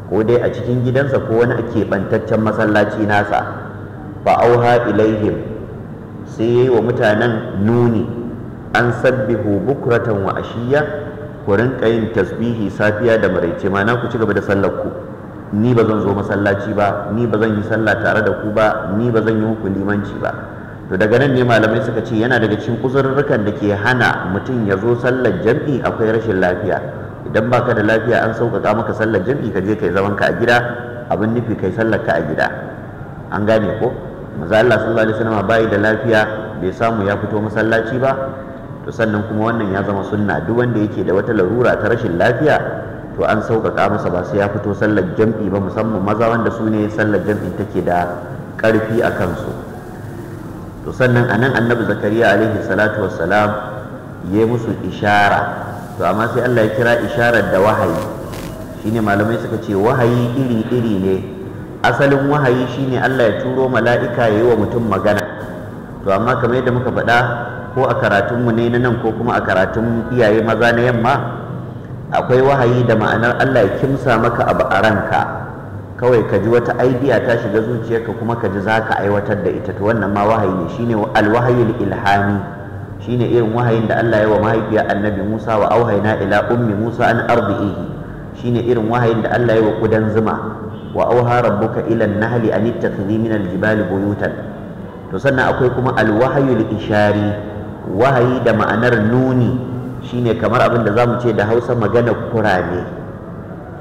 ko dai a cikin gidansa ko wani keɓantaccen masallaci nasa fa auha ilaihim sai yayi wa mutanen nuni an sabbihu bukratan wa ashiya ku rinka yin tasbihi safiya da maraice mana ku ci gaba da sallar ku ni ba zan zo masallaci ba ni ba zan yi sallah tare da ku ba ni ba zan yi muku limanci ba to daga nan ne malamai suka ce yana daga cikin uzurrukan da ke hana mutum ya zo sallar jam'i akwai rashin lafiya idan baka da lafiya an sauƙaƙa maka sallar jam'i ka je kai zaman ka a gida abin nufi kai sallar ka a gida an gane ko maza Allah sallallahu alaihi wasallam bai da lafiya bai samu ya fito masallaci ba to sannan kuma wannan ya zama sunna duk wanda yake da wata larura ta rashin lafiya to an sauƙaƙa masa ba sai ya fito sallar jam'i ba musamman maza wanda su ne sallar jam'i take da ƙarfi a kansu to sannan anan annabi zakariya alaihi salatu wassalam ya yi musu ishara to amma sai allah ya kira isharar da wahayi shine malamai suka ce wahayi iri-iri ne asalin wahayi shine allah ya turo mala'ika ya yi wa mutum magana to amma kamar yadda muka faɗa ko a karatunmu ne na nan ko kuma a karatun iyaye maza na yamma akwai wahayi da ma'anar Allah ya kimsa maka abu a ranka kawai ka ji wata aidiya ta shiga zuciyarka kuma ka ji za ka aiwatar da ita to wannan ma wahayi ne shine alwahayil ilhami shine irin wahayin da Allah ya wa mahaifiya annabi Musa wa auhayna ila ummi Musa an ardihi shine irin wahayin da Allah ya wa kudan zuma wa auha rabbuka ila an-nahli an ittakhidhi min al-jibali buyutan to sannan akwai kuma alwahayul ishari wahayi da ma'anar nuni shine kamar abin da za mu ce da hausa magana kurame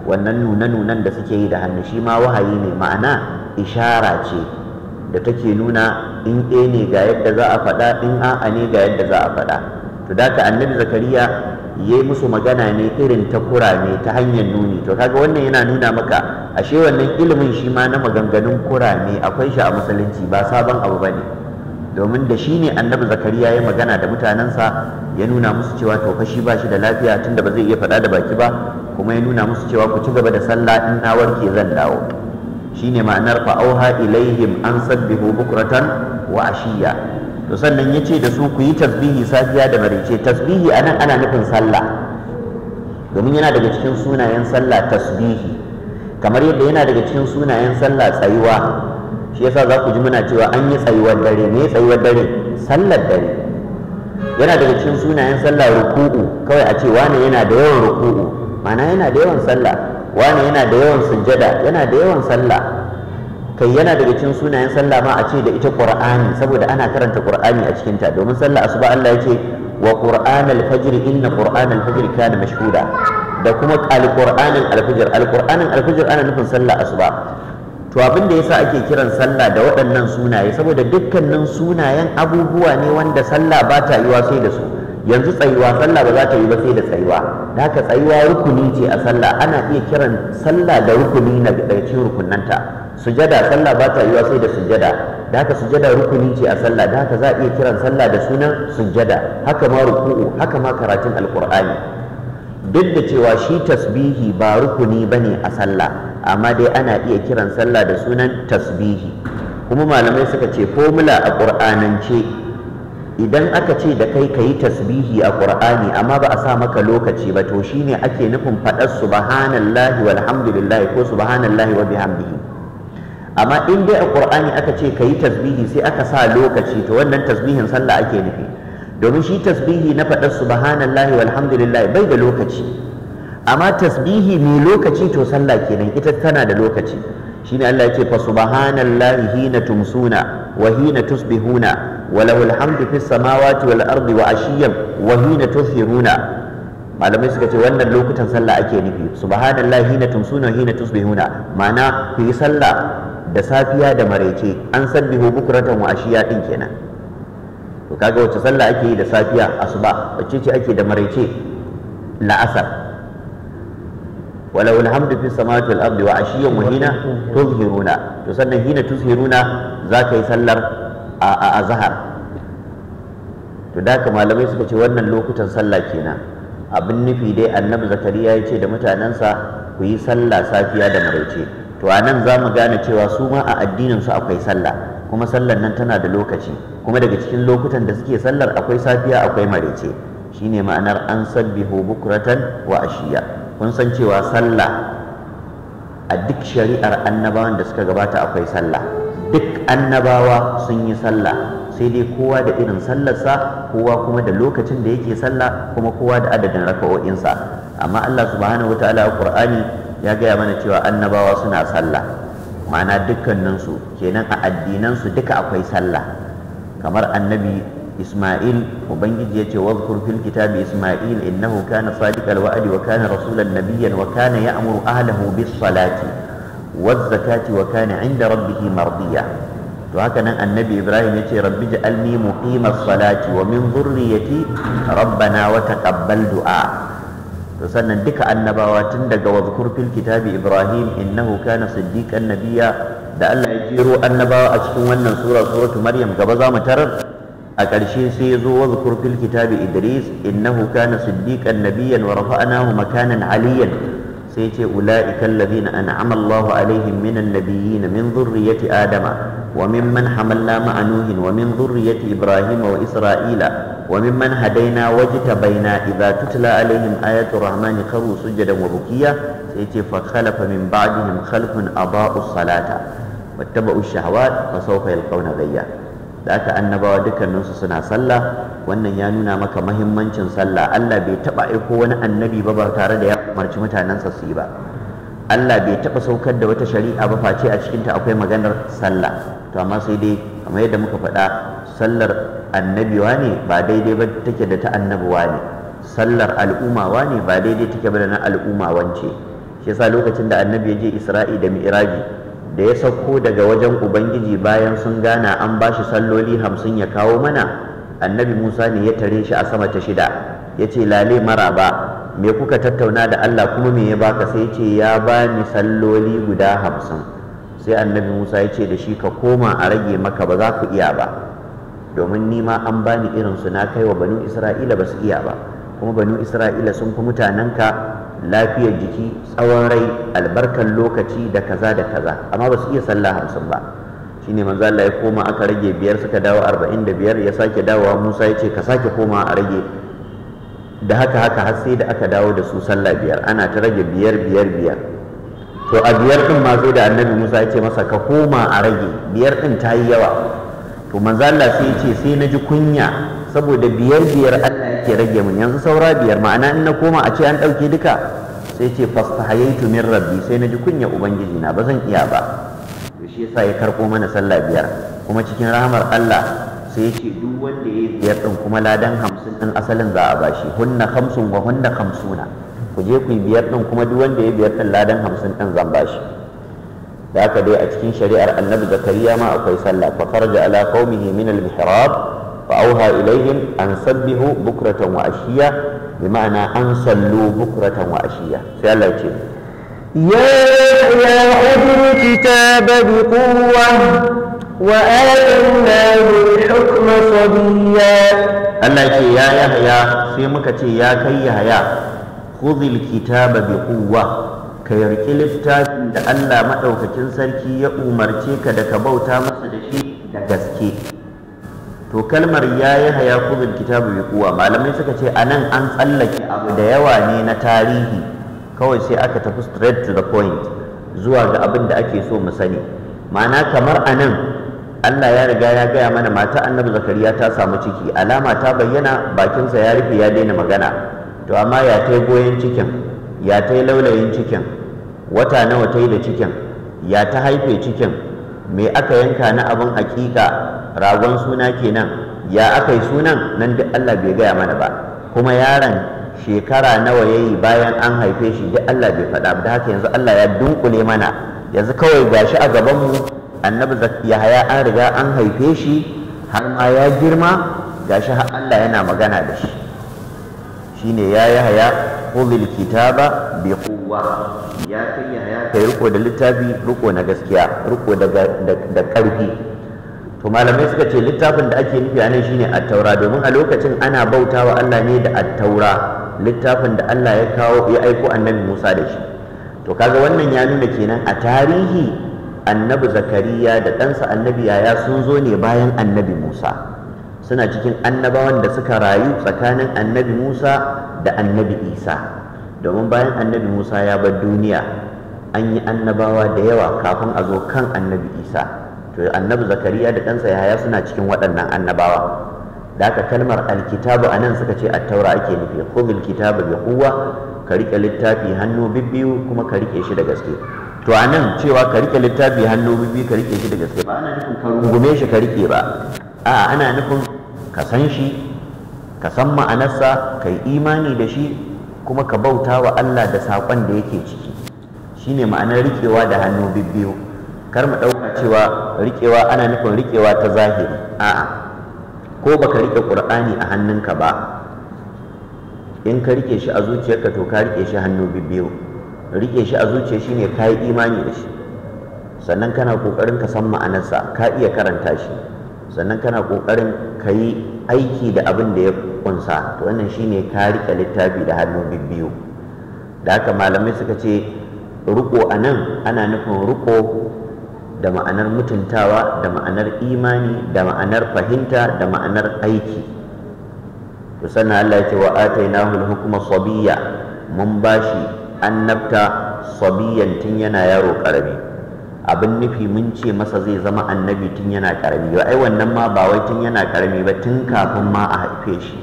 wannan nuna-nunan da suke yi da hannu shi ma wahayi ne ma'ana ishara ce da take nuna in e ne ga yadda za a faɗa in a'a ne ga yadda za a faɗa to da ka annabi zakariya ya yi musu magana ne irin ta kurame ta hanyar nuni to kaga wannan yana nuna maka ashe wannan ilimin shi ma na maganganun kurame akwai shi a musulunci ba sabon abu ba ne domin da shi ne annabi zakariya ya magana da mutanensa ya nuna musu cewa to fa ba shi da lafiya tunda ba zai iya faɗa da baki ba kuma ya nuna musu cewa ku ci gaba da sallah in na warke zan dawo shi ne ma'anar fa auha ilaihim an sabbihu bukratan wa ashiya to sannan ya ce da su ku yi tasbihi safiya da marice tasbihi anan ana nufin sallah domin yana daga cikin sunayen sallah tasbihi kamar yadda yana daga cikin sunayen sallah tsayuwa shi yasa za ku ji muna cewa an yi tsayuwar dare me tsayuwar dare sallar dare yana daga cikin sunayen sallah ruku'u kawai a ce wane yana da yawan ruku'u ma'ana yana da yawan sallah wane yana da yawan sujjada yana da yawan sallah kai yana daga cikin sunayen sallah ma a ce da ita qur'ani saboda ana karanta qur'ani a cikin ta domin sallah asuba Allah ya ce wa qur'an al-fajr inna qur'an al-fajr kana mashhuda da kuma al-qur'an al-fajr al-qur'an al-fajr ana nufin sallah asuba to abin da yasa ake kiran sallah da waɗannan sunaye saboda dukkanin sunayen abubuwa ne wanda sallah ba ta yiwa sai da su yanzu tsayuwa sallah ba za ta yi ba sai da tsayuwa da haka tsayuwa rukuni ce a sallah ana iya kiran sallah da rukuni na daga cikin rukunanta sujada sallah ba ta yiwa sai da sujada da haka sujada rukuni ce a sallah da haka za a iya kiran sallah da sunan sujada haka ma ruku'u haka ma karatun alqur'ani duk da cewa shi tasbihi ba rukuni ba ne a sallah amma dai ana iya kiran sallah da sunan tasbihi kuma malamai suka ce formula a ƙur'anance idan aka ce da kai ka yi tasbihi a ƙur'ani amma ba a sa maka lokaci ba to shi shine ake nufin faɗar subhanallahi walhamdulillahi ko subhanallahi wa bihamdihi amma in dai a ƙur'ani aka ce ka yi tasbihi sai aka sa lokaci to wannan tasbihin sallah ake nufi domin shi tasbihi na faɗar subhanallahi walhamdulillah bai da lokaci amma tasbihi mai lokaci to sallah kenan ita tana da lokaci shine Allah yake fa subhanallahi hina tumsuna wa hina tusbihuna wa lahul alhamdu fis samawati wal ardi wa ashiyan wa hina tuzhiruna malamai suka ce wannan lokutan sallah ake nufi subhanallahi hina tumsuna wa hina tusbihuna ma'ana ku yi sallah da safiya da maraice an sabbihu bukratan wa ashiya din kenan to kaga wace sallah ake yi da safiya asuba wacce ce ake da maraice la'asar walau alhamdu fi samawati wal ardi wa ashiyan wa hina tuzhiruna to sannan hina tuzhiruna za ka yi sallar a azhar to da ka malamai suka ce wannan lokutan sallah kenan abin nufi dai annabi zakariya ya ce da mutanensa ku yi sallah safiya da maraice to a nan za mu gane cewa su ma a addinin su akwai sallah kuma sallar nan tana da lokaci kuma daga cikin lokutan da suke sallar akwai safiya akwai marece shine ma'anar an sabbihu bukratan wa ashiya kun san cewa sallah a duk shari'ar annabawan da suka gabata akwai sallah duk annabawa sun yi sallah sai dai kowa da irin sallarsa kowa kuma da lokacin da yake sallah kuma kowa da adadin raka'o'insa amma Allah subhanahu wataala a ya gaya mana cewa annabawa suna sallah ma'ana dukkaninsu kenan a addinansu duka akwai sallah kamar annabi Ismail Ubangiji ya ce wadhkur fil kitabi Ismail innahu kana sadiqal wa'adi wa kana rasulan nabiyyan wa kana ya'muru ahlahu bis salati waz zakati wa kana 'inda rabbih mardiya to haka nan annabi Ibrahim ya ce rabbi ja'alni muqimas salati wa min dhurriyyati rabbana wa taqabbal du'a to sannan duka annabawa tun daga wazkur fil kitabi ibrahim innahu kana siddiqan nabiyya da Allah ya jero annabawa a cikin wannan sura suratu maryam gaba za mu tarar a ƙarshe sai ya zo wazkur fil kitabi idris innahu kana siddiqan nabiyyan wa rafa'nahu makanan aliyan sai ce ula'ikan ladina an'ama Allahu alaihim minan nabiyyin min zurriyyati adama wa mimman hamalna ma'a nuhin wa min zurriyyati ibrahima wa isra'ila wa mimman hadaina wajtabaina idza tutla alaihim ayatu rahmani kharu sujadan wa bukiya sai ce fa khalafa min ba'dihim khalfun aba'u salata wattaba'u shahawat fa sawfa yalqawna ghayya da aka annabawa dukkaninsu suna sallah wannan ya nuna maka mahimmancin sallah Allah bai taba aiko wani annabi ba ba tare da ya umarci mutanensa su yi ba Allah bai taba saukar da wata shari'a ba face a cikinta akwai maganar sallah to amma sai dai kamar yadda muka faɗa sallar annabiwa ne ba daidai ba take da ta annabuwa ne sallar wa ne ba daidai take ba da na al'umma wance shi yasa lokacin da annabi ya je Isra'i da Mi'raji da ya sauko daga wajen ubangiji bayan sun gana an ba shi salloli hamsin ya kawo mana annabi musa ne ya tare shi a sama ta shida ya ce lale maraba me kuka tattauna da allah kuma me ya baka sai ce ya ba ni salloli guda hamsin sai annabi musa ya ce da shi ka koma a rage maka ba za ku iya ba domin nima ma an bani irinsu na kai wa banu isra'ila ba su iya ba kuma banu isra'ila sun fi mutanenka lafiyar jiki tsawon rai albarkar lokaci da kaza da kaza amma ba su iya sallah hamsin ba shine manzo Allah ya koma aka rage biyar suka dawo arba'in da biyar ya sake dawowa Musa ya ce ka sake koma a rage da haka haka har sai da aka dawo da su sallah biyar ana ta rage biyar biyar biyar to a biyar din ma sai da annabi Musa ya ce masa ka koma a rage biyar din ta yi yawa to manzo Allah sai ya ce sai na ji kunya saboda biyar biyar ake rage min yanzu saura biyar ma'ana in na koma a ce an ɗauke duka sai ce hayaitu min rabbi sai na ji kunya ubangiji na ba zan iya ba to shi yasa ya karɓo mana sallah biyar kuma cikin rahamar Allah sai ce duk wanda ya biyar din kuma ladan hamsin din asalin za a bashi hunna hamsin wa hunna hamsuna ku je ku biyar din kuma duk wanda ya biyar din ladan hamsin din zan bashi da haka dai a cikin shari'ar annabi zakariya ma akwai sallah fa farja ala qaumihi min al-mihrab فأوحى إليهم أن ma'ana بكرة وعشية بمعنى أن صلوا بكرة وعشية سألتي يا أهل الكتاب بقوة وآتيناه الحكم صبيا Allah ce ya Yahaya sai muka ce ya kai Yahaya khudhil kitaba bi ka yarki littafin da Allah madaukakin sarki ya umarce ka da ka bauta masa da shi da gaske to kalmar ya yi haya kubin kitabu bi kuwa malamai suka ce anan an tsallake abu da yawa ne na tarihi kawai sai aka tafi straight to the point zuwa ga abin da ake so mu sani ma'ana kamar anan Allah ya riga ya gaya mana mata annabi zakariya ta samu ciki alama ta bayyana bakinsa ya rufe ya daina magana to amma ya ta goyon cikin ya ta laulayin cikin wata nawa ta yi da cikin ya ta haife cikin me aka yanka na abin hakika ragon suna kenan ya aka yi sunan nan duk Allah bai gaya mana ba kuma yaron shekara nawa ya yi bayan an haife shi duk Allah bai faɗa da haka yanzu Allah ya dunkule mana yanzu kawai gashi a gabanmu annabi Yahaya an riga an haife shi har ma ya girma gashi har Allah yana magana da shi shine ya Yahaya qulil kitaba bi quwwa ya kai Yahaya kai riko da littafi riko na gaskiya riko da da ƙarfi to malamai suka ce littafin da ake nufi anan shine at-taura domin a lokacin ana bautawa Allah ne da at-taura littafin da Allah ya kawo ya aiko annabi Musa da shi to kaga wannan ya nuna kenan a tarihi annabi Zakariya da ɗansa annabi Yaya sun zo ne bayan annabi Musa suna cikin annabawan da suka rayu tsakanin annabi Musa da annabi Isa domin bayan annabi Musa ya bar duniya an yi annabawa da yawa kafin a zo kan annabi Isa to annabi zakariya da ɗansa yahaya suna cikin waɗannan annabawa da aka kalmar alkitabu a nan suka ce a taura ake nufi khudhul kitabu bi kuwa ka rike littafi hannu bibbiyu kuma ka rike shi da gaske to a nan cewa ka rike littafi hannu bibbiyu ka rike shi da gaske ba ana nufin ka rungume shi ka rike ba a ana nufin ka san shi ka san ma'anarsa ka yi imani da shi kuma ka bauta wa Allah da saƙon da yake ciki shine ma'anar rikewa da hannu bibbiyu kar mu ɗau cewa riƙewa ana nufin riƙewa ta zahiri a'a ko baka riƙe ƙur'ani a hannunka ba in ka riƙe shi a zuciyarka to ka riƙe shi hannu biyu riƙe shi a zuciya shine ka yi imani da shi sannan kana ƙoƙarin ka san ma'anarsa ka iya karanta shi sannan kana ƙoƙarin ka yi aiki da abin da ya kunsa to wannan shine ka riƙe littafi da hannu biyu da haka malamai suka ce riƙo a nan ana nufin riƙo da ma'anar mutuntawa da ma'anar imani da ma'anar fahimta da ma'anar aiki to sannan Allah ya ce wa atainahu al-hukma sabiyya mun bashi annabta sabiyan tun yana yaro karami abin nufi mun ce masa zai zama annabi tun yana karami ba ai wannan ma ba wai tun yana karami ba tun kafin ma a haife shi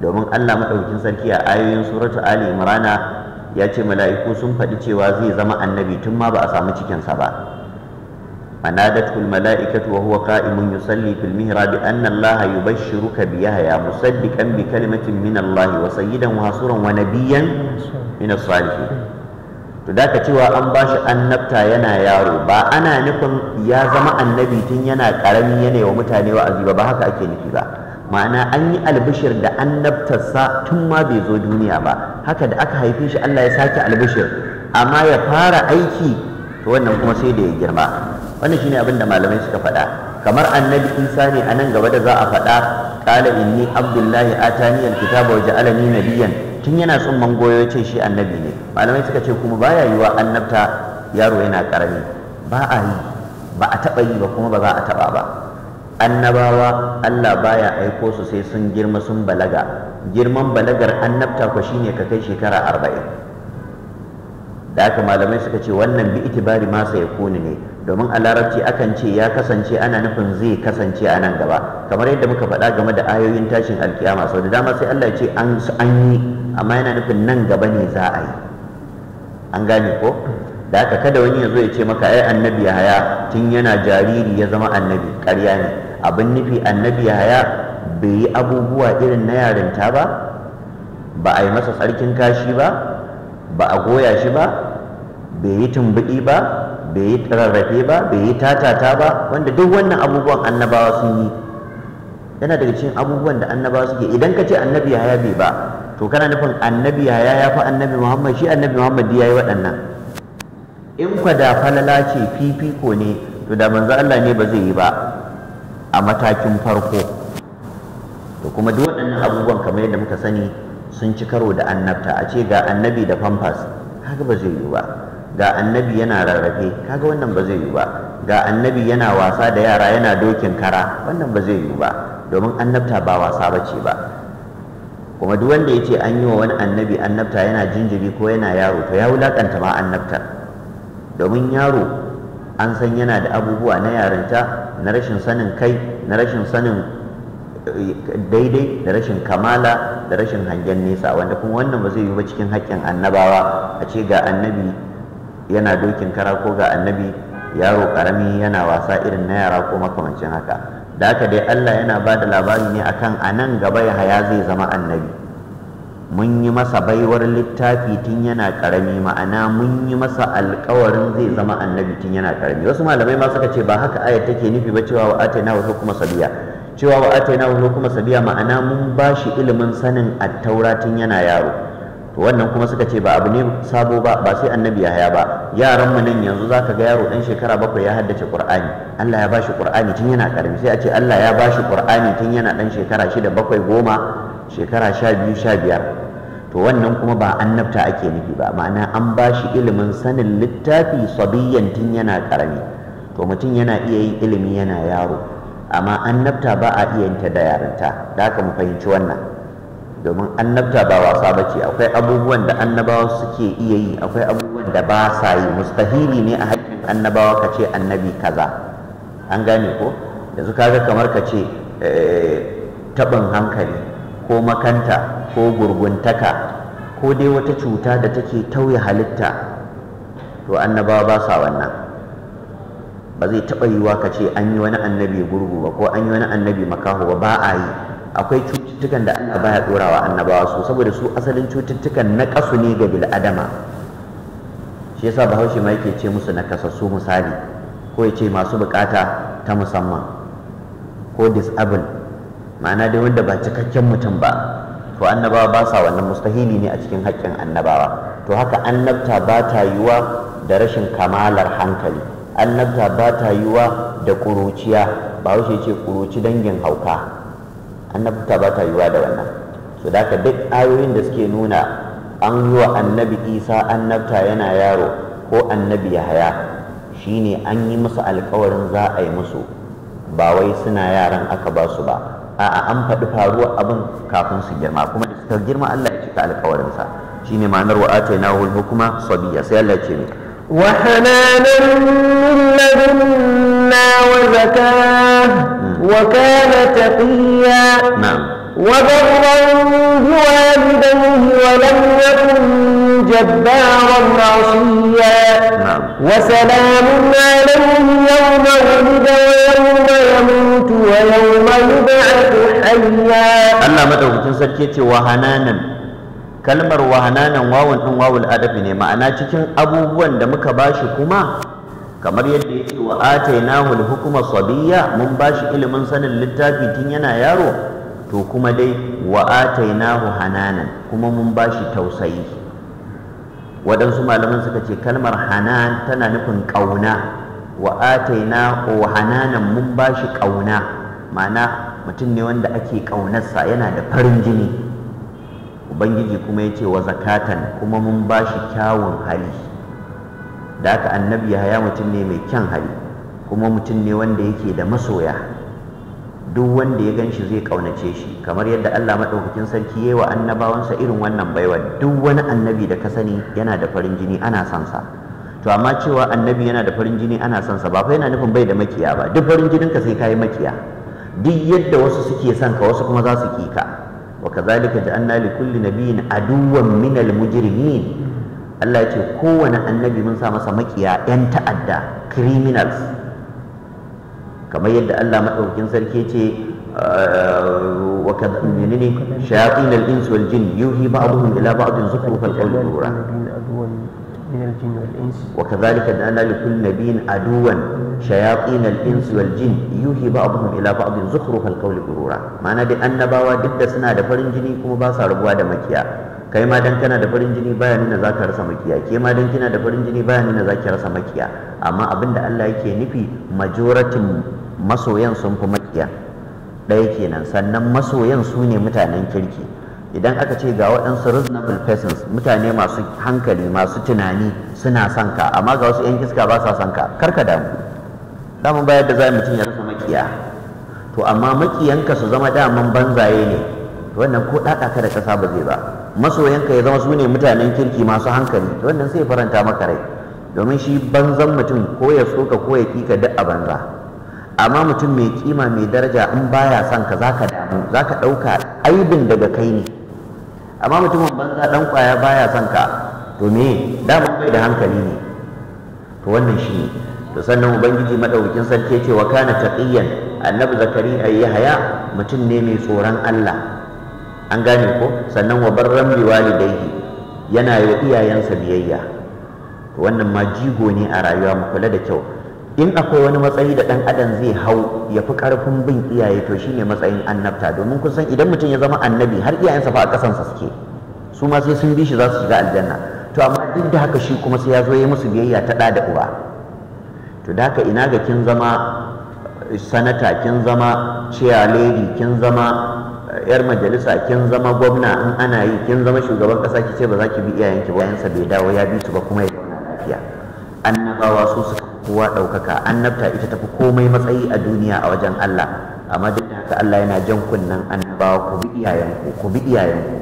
domin Allah madaukakin sarki a ayoyin suratu Ali Rana ya ce mala'iku sun faɗi cewa zai zama annabi tun ma ba a samu cikinsa ba فنادته الملائكة وهو قائم يصلي في المهراب أن الله يبشرك بيحيى مصدقا بكلمة من الله وسيدا وحصورا ونبيا من الصالحين to da ka cewa an ba shi annabta yana yaro ba ana nufin ya zama annabi tun yana karami yana wa mutane wa'azi ba ba haka ake nufi ba ma'ana an yi albishir da annabtarsa tun ma bai zo duniya ba haka da aka haife shi Allah ya sake albishir amma ya fara aiki to wannan kuma sai da ya girma wannan shine abin da malamai suka faɗa kamar annabi isa ne a nan gaba da za a faɗa qala inni abdullahi atani alkitaba wa ja'alani nabiyyan tun yana tsumman goyo ce shi annabi ne malamai suka ce kuma baya yiwa annabta yaro yana karami ba a yi ba a taɓa yi ba kuma ba za a taɓa ba annabawa Allah baya aiko su sai sun girma sun balaga girman balagar annabta ko shine ka kai shekara arba'in da aka malamai suka ce wannan bi itibari ma sai kuni ne domin a larabci akan ce ya kasance ana nufin zai kasance a nan gaba kamar yadda muka faɗa game da ayoyin tashin alkiyama sau da dama sai Allah ce an yi amma yana nufin nan gaba ne za a yi an gane ko da haka kada wani ya zo ya ce maka ai annabi yahaya haya tun yana jariri ya zama annabi ƙarya ne abin nufi annabi yahaya haya bai yi abubuwa irin na yarinta ba ba a yi masa tsarkin kashi ba ba a goya shi ba bai yi tumbuɗi ba bai yi rarrafe ba bai yi tatata ba wanda duk wannan abubuwan annabawa sun yi yana daga cikin abubuwan da annabawa suke idan ka ce annabi ya bai ba to kana nufin annabi ya ya fi annabi muhammad shi annabi muhammad ya yi waɗannan in kwa da falala ce fifiko ne to da manzo Allah ne ba zai yi ba a matakin farko to kuma duk waɗannan abubuwan kamar yadda muka sani sun ci karo da annabta a ce ga annabi da famfas haka ba zai yi ba ga annabi yana rarrafe kaga wannan ba zai yi ba ga annabi yana wasa da yara yana dokin kara wannan ba zai yi ba domin annabta ba wasa ba ce ba kuma duk wanda ya ce an yi wa wani annabi annabta yana jinjiri ko yana yaro to ya wulakanta ma annabta domin yaro an san yana da abubuwa na yarinta na rashin sanin kai na rashin sanin eh, daidai da rashin kamala da rashin hangen nesa wanda kuma wannan ba zai yi ba cikin haƙƙin annabawa a ce ga annabi yana dokin kara ko ga annabi yaro karami yana wasa irin na yara ko makamancin haka da haka dai Allah yana ba da labari ne akan a nan gaba ya haya zai zama annabi mun yi masa baiwar littafi tun yana karami ma'ana mun yi masa alkawarin zai zama annabi tun yana karami wasu malamai ma suka ce ba haka ayat take nufi ba cewa wa atayna wa hukuma sabiya cewa wa atayna wa hukuma sabiya ma'ana mun bashi ilimin sanin attaura tun yana yaro to wannan kuma suka ce ba abu ne sabo ba ba sai annabi ya haya ba yaran mu nan yanzu zaka ga yaro dan shekara bakwai ya haddace qur'ani Allah ya bashi qur'ani tun yana karami sai a ce Allah ya bashi qur'ani tun yana dan shekara shida bakwai goma shekara sha biyu sha biyar to wannan kuma ba annabta ake nufi ba ma'ana an bashi ilimin sanin littafi sabiyyan tun yana karami to mutum yana iya yin ilimi yana yaro amma annabta ba a iya yin ta da yarinta da haka mu fahimci wannan domin annabta ba wasa ba ce akwai abubuwan da annabawa suke iya yi akwai abubuwan da ba sa yi mustahili ne a hakkin annabawa ka ce annabi kaza an gane ko yanzu kaga kamar ka ce eh, taɓin hankali ko makanta ko gurguntaka ko dai wata cuta da take tauye halitta to annabawa ba sa wannan ba zai taɓa yiwa ka ce an yi wani annabi gurgu ba ko an yi wani annabi makaho ba ba a yi akwai cututtukan da Allah baya dorawa annabawa su saboda su asalin cututtukan na kasu ne ga bil'adama shi yasa bahaushe ma yake ce musu na su misali ko ya ce masu bukata ta musamman ko disable ma'ana dai wanda ba cikakken mutum ba to annabawa ba sa wannan mustahili ne a cikin haƙƙin annabawa to haka annabta ba ta yiwa da rashin kamalar hankali annabta ba ta yiwa da ƙuruciya bahaushe ce ƙuruci dangin hauka annabta ba ta yiwa da wannan su da ka duk ayoyin da suke nuna an yi wa annabi isa annabta yana yaro ko annabi yahaya shine an yi musu alkawarin za a yi musu ba wai suna yaran aka ba su ba a'a an faɗi faruwa abin kafin su girma kuma da suka girma Allah ya cika alkawarinsa shine ma'anar wa hulhu kuma sabiya sai Allah ya ce mai وحنانا من لدنا وزكاه نعم. وكان تقيا نعم وبرا بوالديه ولم يكن جبارا عصيا نعم. وسلام عليه يوم ولد ويوم يموت ويوم يبعث حيا الله مدعو تنسكيتي وهنانا kalmar wahananan wawan ɗin wawul adabi ne ma'ana cikin abubuwan da muka bashi kuma kamar yadda ya ce wa atainahu hukuma sabiyya mun bashi ilimin sanin littafi tun yana yaro to kuma dai wa atainahu hananan kuma mun bashi tausayi waɗansu malaman suka ce kalmar hanan tana nufin ƙauna wa hananan mun bashi ƙauna ma'ana mutum ne wanda ake ƙaunarsa yana da farin jini ubangiji kuma ya ce wa zakatan kuma mun ba shi kyawun hali da aka annabi haya mutum ne mai kyan hali kuma mutum ne wanda yake da masoya duk wanda ya gan shi zai kaunace shi kamar yadda Allah maɗaukakin sarki ya yi wa annabawansa irin wannan baiwa duk wani annabi da ka sani yana da farin jini ana son sa to amma cewa annabi yana da farin jini ana son sa ba fa yana nufin bai da makiya ba duk farin jininka sai ka yi makiya duk yadda wasu suke son ka wasu kuma za su ki ka wa kadhalika ja'alna li kulli nabiyyin aduwwan minal mujrimin Allah ya ce kowane annabi mun sa masa makiya 'yan ta'adda criminals kamar yadda Allah maɗaukakin sarki ce wa kadhalika shayatin al-ins wal jin yuhi ba'dhum ila ba'dhin zukhrufal qawli من الجن والإنس وكذلك جعلنا لكل نبي عدوا شياطين الإنس والجن يوحي بعضهم إلى بعض زخرف القول غرورا معنى دي أنباوا دك سنا da farin jini kuma ba rabuwa da makiya kai ma dan kana da farin jini baya nuna zaka rasa makiya ke ma dan kina da farin jini baya nuna zaki rasa makiya amma abinda Allah yake nufi majoratin masoyan sun fi makiya ɗaya kenan sannan masoyan su ne mutanen kirki idan aka ce ga waɗansu reasonable persons mutane masu hankali masu tunani suna son ka amma ga wasu 'yan iska ba sa son ka kar ka damu damun bayar da za mutum ya rasa makiya to amma makiyanka su zama daman banzaye ne wannan ko ɗaɗa ka da ƙasa ba zai ba masoyanka ya zama su ne mutanen kirki masu hankali wannan sai faranta maka rai domin shi banzan mutum ko ya soka ko ya kika duk a banza amma mutum mai kima mai daraja in baya son ka zaka damu zaka ɗauka aibin daga kai ne amma mutumin banza dan kwaya baya son ka to me dama bai da hankali ne to wannan shi ne to sannan ubangiji madaukakin sarki ce wa kana taqiyan annabi ayi haya mutum ne mai tsoron Allah an gane ko sannan wa barran bi walidayhi yana yi iyayensa biyayya wannan ma jigo ne a rayuwa mu kula da kyau in akwai wani matsayi da ɗan adam zai hau ya fi ƙarfin bin iyaye to shine matsayin annabta domin kun san idan mutum ya zama annabi har iyayensa fa a ƙasansa suke su ma sai sun bi shi za su shiga aljanna to amma duk da haka shi kuma sai ya zo ya musu biyayya ta ɗa da uba to da haka ina ga kin zama eh, sanata kin zama chair lady kin zama eh, yar majalisa kin zama gwamna in ana yi kin zama shugaban ƙasa ki ce ba za ki bi iyayenki ba yansa bai dawo ya bi su ba kuma ya zauna annabawa su suka kowa ɗaukaka annabta ita tafi komai matsayi a duniya a wajen Allah amma duk da haka Allah yana jan kunnan annabawa ku bi iyayenku ku bi iyayenku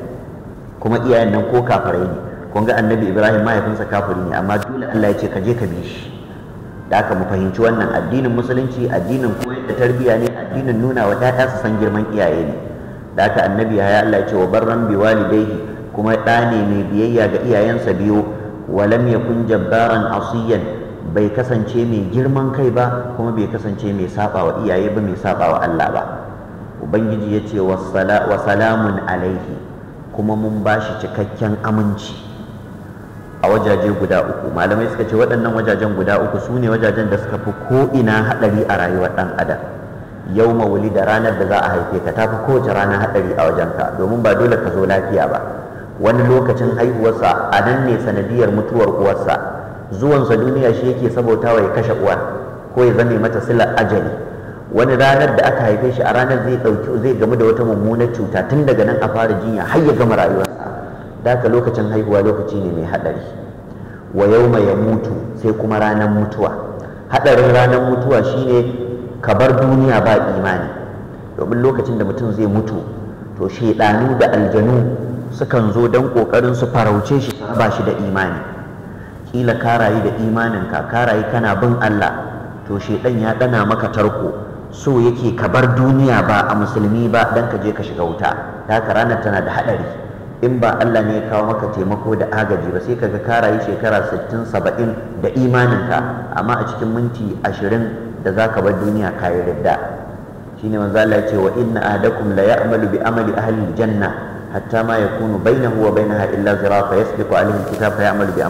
kuma iyayen nan ko kafirai ne kun ga annabi Ibrahim mahaifinsa kafiri ne amma dole Allah ya ce ka je ka bi shi da aka mu fahimci wannan addinin musulunci addinin koyar da tarbiyya ne addinin nuna wa ɗaya su san girman iyaye ne da aka annabi ya Allah ya ce wa barran bi walidaihi kuma ɗa ne mai biyayya ga iyayensa biyu walam yakun jabbaran asiyan bai kasance mai girman kai ba kuma bai kasance mai saba wa iyaye ba mai saba wa Allah ba ubangiji ya ce wa salamun alaihi kuma mun ba shi cikakken aminci a wajaje guda uku malamai suka ce waɗannan wajajen guda uku su ne wajajen da suka fi ko'ina haɗari a rayuwar ɗan adam yau mawuli da ranar da za a haife ka tafi kowace rana haɗari a wajen ka, domin ba dole ka zo lafiya ba wani lokacin haihuwarsa a nan ne sanadiyar mutuwar uwarsa zuwan sa duniya shi yake sabotawa ya kashe uwar ko ya zame mata silar ajali wani ranar da aka haife shi a ranar zai ɗauki zai gamu da wata mummunar cuta tun daga nan a fara jinya har ya gama rayuwarsa daka lokacin haihuwa lokaci ne mai haɗari wa yauma ya mutu sai kuma ranar mutuwa haɗarin ranar mutuwa shine ka bar duniya ba imani domin lokacin da mutum zai mutu to sheɗanu da aljanu sukan zo don kokarin su farauce shi ba shi da imani kila ka rayu da imaninka ka rayu kana bin Allah to shedan ya dana maka tarko so yake ka bar duniya ba a musulmi ba dan ka je ka shiga wuta ta ranar tana da hadari in ba Allah ne ya kawo maka taimako da agaji ba sai ka ka rayu shekara 60 70 da imaninka amma a cikin minti 20 da zaka bar duniya ka yi ridda shine manzo Allah ya ce wa inna ahadakum la ya'malu bi amali ahli janna hatta ma yakunu bainahu wa bainaha illa zira fa yasbiqu alayhi alkitab fa ya'malu bi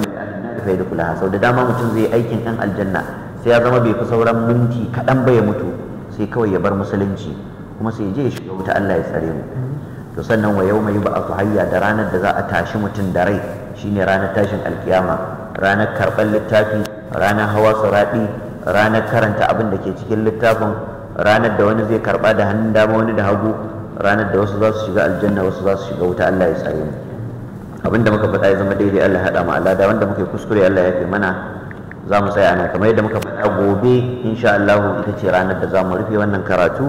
fa yadkhulaha sau da dama mutum zai aikin ɗan aljanna sai ya zama bai fi sauran minti kaɗan ba ya mutu sai kawai ya bar musulunci kuma sai je ya shiga wuta Allah ya tsare mu to sannan wa yawma yub'athu hayya da ranar da za a tashi mutum da rai shine ranar tashin alkiyama ranar karɓar littafi ranar hawa suraɗi ranar karanta abin da ke cikin littafin ranar da wani zai karɓa da hannun dama wani da hagu ranar da wasu za su shiga aljanna wasu za su shiga wuta Allah ya tsare mu abinda muka faɗa ya zama daidai Allah haɗa mu da wanda muka yi kuskure Allah ya fi mana za mu tsaya ana kamar yadda muka faɗa gobe insha Allah ita ce ranar da za mu rufe wannan karatu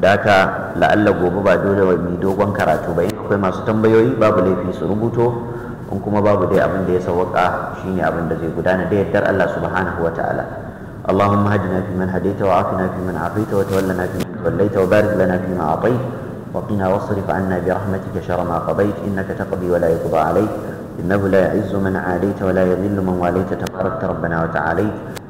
da aka la'alla gobe ba dole mai dogon karatu ba in akwai masu tambayoyi babu laifi su rubuto in kuma babu dai abin da ya sawwaka shine abin da zai gudana da yardar Allah subhanahu wa ta'ala اللهم هدنا فيمن هديت وعافنا فيمن عافيت وتولنا فيمن توليت وبارك لنا فيما أعطيت وقنا واصرف عنا برحمتك شر ما قضيت إنك تقضي ولا يقضى عليك إنه لا يعز من عاليت ولا يذل من واليت تباركت ربنا وتعاليت